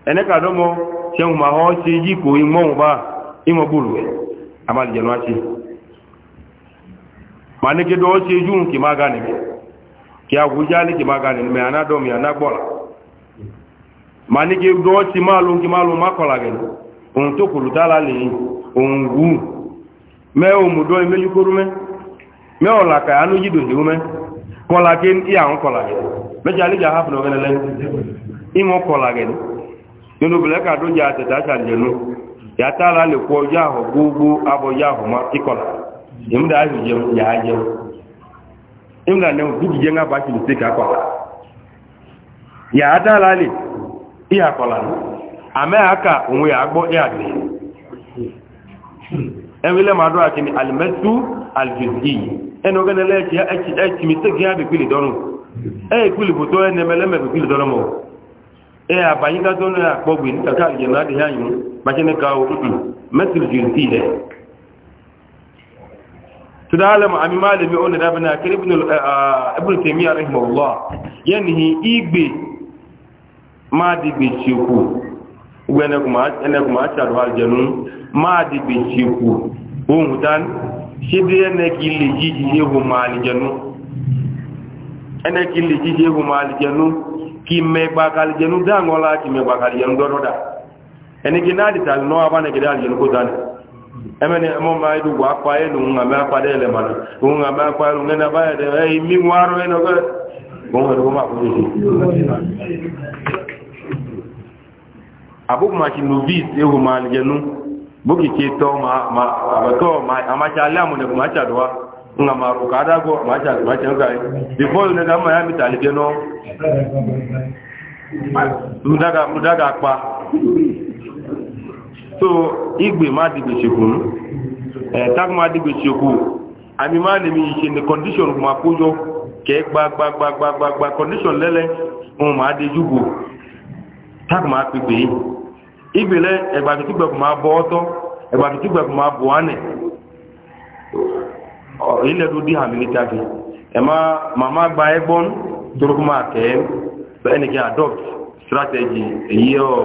ene ka do mo che ma ho che jiku i e mo ba i mo buru e amal je no ma neke ke do che jun ki ma ga ni kí agujá ní kí máa gani mẹ́ anádọ́mì anágbọ́lá ma ní kí dọ́ ti máa lóun kí máa lóun má kọ́lá gẹ̀ẹ́ ohun tó kùrù tálà lè yìn ohun wù mẹ́ òmùdọ́ iméjúkóró mẹ́ mẹ́ ọ̀làkà mẹ́ kí ní àwọn kọ́lá gẹ̀ẹ́ mẹ́jà níjà hápùnà gẹ̀ẹ́ nínú tó jẹ àtẹ̀tà àṣàjẹ̀nu yàtà lálẹ́ kọ́ yà nga ne dugi je nga ba ki se ka kwa ya ata lali iya kola ame aka onwe ya agbo ya ni enwele ma do akini almasu aljuzi eno gane le ti e ti mi se be e ene mele me pili dorun mo e abayi ga ni ka na de ya yin ma se ne tudalama ami malami ona dabna kare ibn ibn taymiya rahimahullah yanhi igbe ma di be chiku wena kuma ene kuma ta do aljanu ma di be chiku ohun tan shidi ene ki le jiji ehu ma aljanu ene ki le jiji ehu ma aljanu ki me gba aljanu dangola ki me gba aljanu dododa ene ki nadi tal no abana ki aljanu ko dan emene mo e e e ma idu wa kwa elu nga ma kwa dele mana nga ma kwa lu ngena ba de ei mi waro eno ko ko ngoro ma ko ni abu ma ki no vis e ho ma ngenu bo ki ke to ma ma abato ma ama cha ala mo ne ma cha do nga ma ru ka da go ma cha ma cha ga before ne da ma ya mi ta le no mudaga mudaga pa so igbe ma dịgbechekwu eh, m tag ma dịgbechekwu ami ma na emi iche ne condition ma kwụjọ ke gbagbagbagbagba condition lele ohun ma dị jugbo tag ma pigbe igbele ẹgbàtútùgbẹ̀kù ma bọ ọtọ ẹgbàtútùgbẹ̀kù ma bọ anẹ ilẹ̀ tó dí àmì níta fi ẹ̀ma e màmá gba ẹgbọ́n ma kẹ́ ẹnìkẹ́ adopt strategy eyi ọ̀ọ́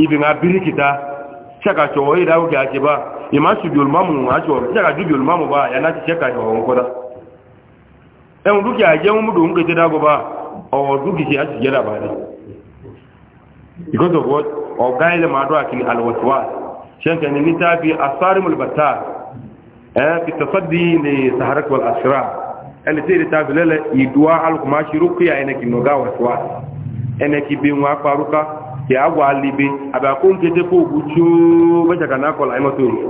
ibi nga birikita chaka chowo ida uke akiba ima shubi ulmamu ngacho chaka jubi ulmamu ba yana ti chaka chowo ngoda e nduki aje umudu unge teda go ba o duki si aji jera ba because of what o gaile madu akili alwaswas shanka ni nitabi asarimul battar eh fi e, tasaddi li saharak wal ashrar alati e litabi lele idwa alkumashi ruqya ina kinoga waswas ene kibinwa paruka ya agwa alibe abịa kwụ nkete kwa ogwu chuo mechaka na akọla ịmata oyi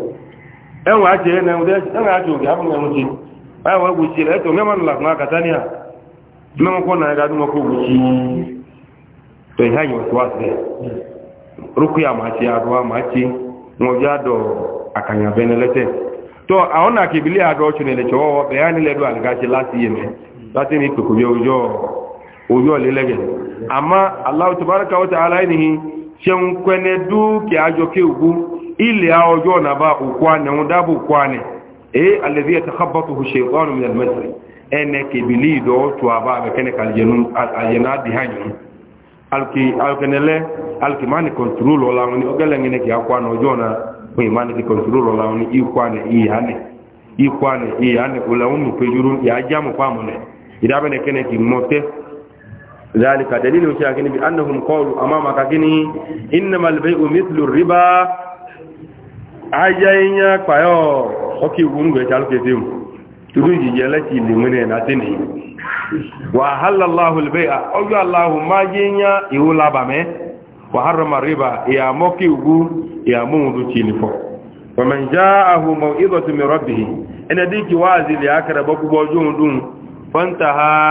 enwe ache na enwe ache oge abụ nwụchi anya wee gwuchiri eto onye manụ lakụ n'aka tani ha mmenwụkwọ na ga nwoke ogwuchi to ihe anyị otu asị rụkụ ya machi adụwa machi nwoji adọ akanya benelete to ahụ na ka adọ ọchụ na elecha ọwọ be ya niile dụ chi lati ihe me lati na ikpekụ ya ụjọọ oyo lelege amma allah tabaraka wa ta'ala ni shen kwene duke ajoke ugu ile a ojo na ba ukwane undabu ukwane eh alladhi yatakhabbathu shaytanu min al-masri ene ke bilido to aba alki alkenele alki mani control ola ni ogele ngene ki akwana ojo na ko imani ki control ola ni ikwane i hane unu pejuru ya jamu pamune idabene kene ki mote ذلك دليل شاكين بأنهم قالوا أمام كاكيني إنما البيع مثل الربا أجاينا كفايو أوكي ونغو يتعلو كثير تدوجي جلتي لمنين ناتني وأحل الله البيع أجو الله ما جينا يولا بامي وحرم الربا يا موكي وغو يا موضو تيلفو ومن جاءه موئضة من ربه إن ديكي وازي لأكرا بكو بوجون دون فانتهى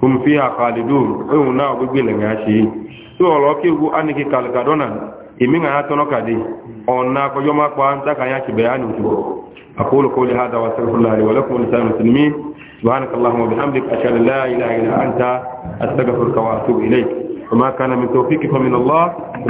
hum fiha khalidun ehun na gbogbo ilẹ̀ ya ṣe tí ọ̀rọ̀ kí ewu anìkí kàlùkàdọ́nà ìmìnà ya tọ́nà kàdé ọ̀nà akọjọ́ máa pa ń dákà ya kìbẹ̀ ya ní òtù aqulu qawli hadha wa astaghfirullaha li wa lakum wa lisa'il muslimin subhanaka allahumma wa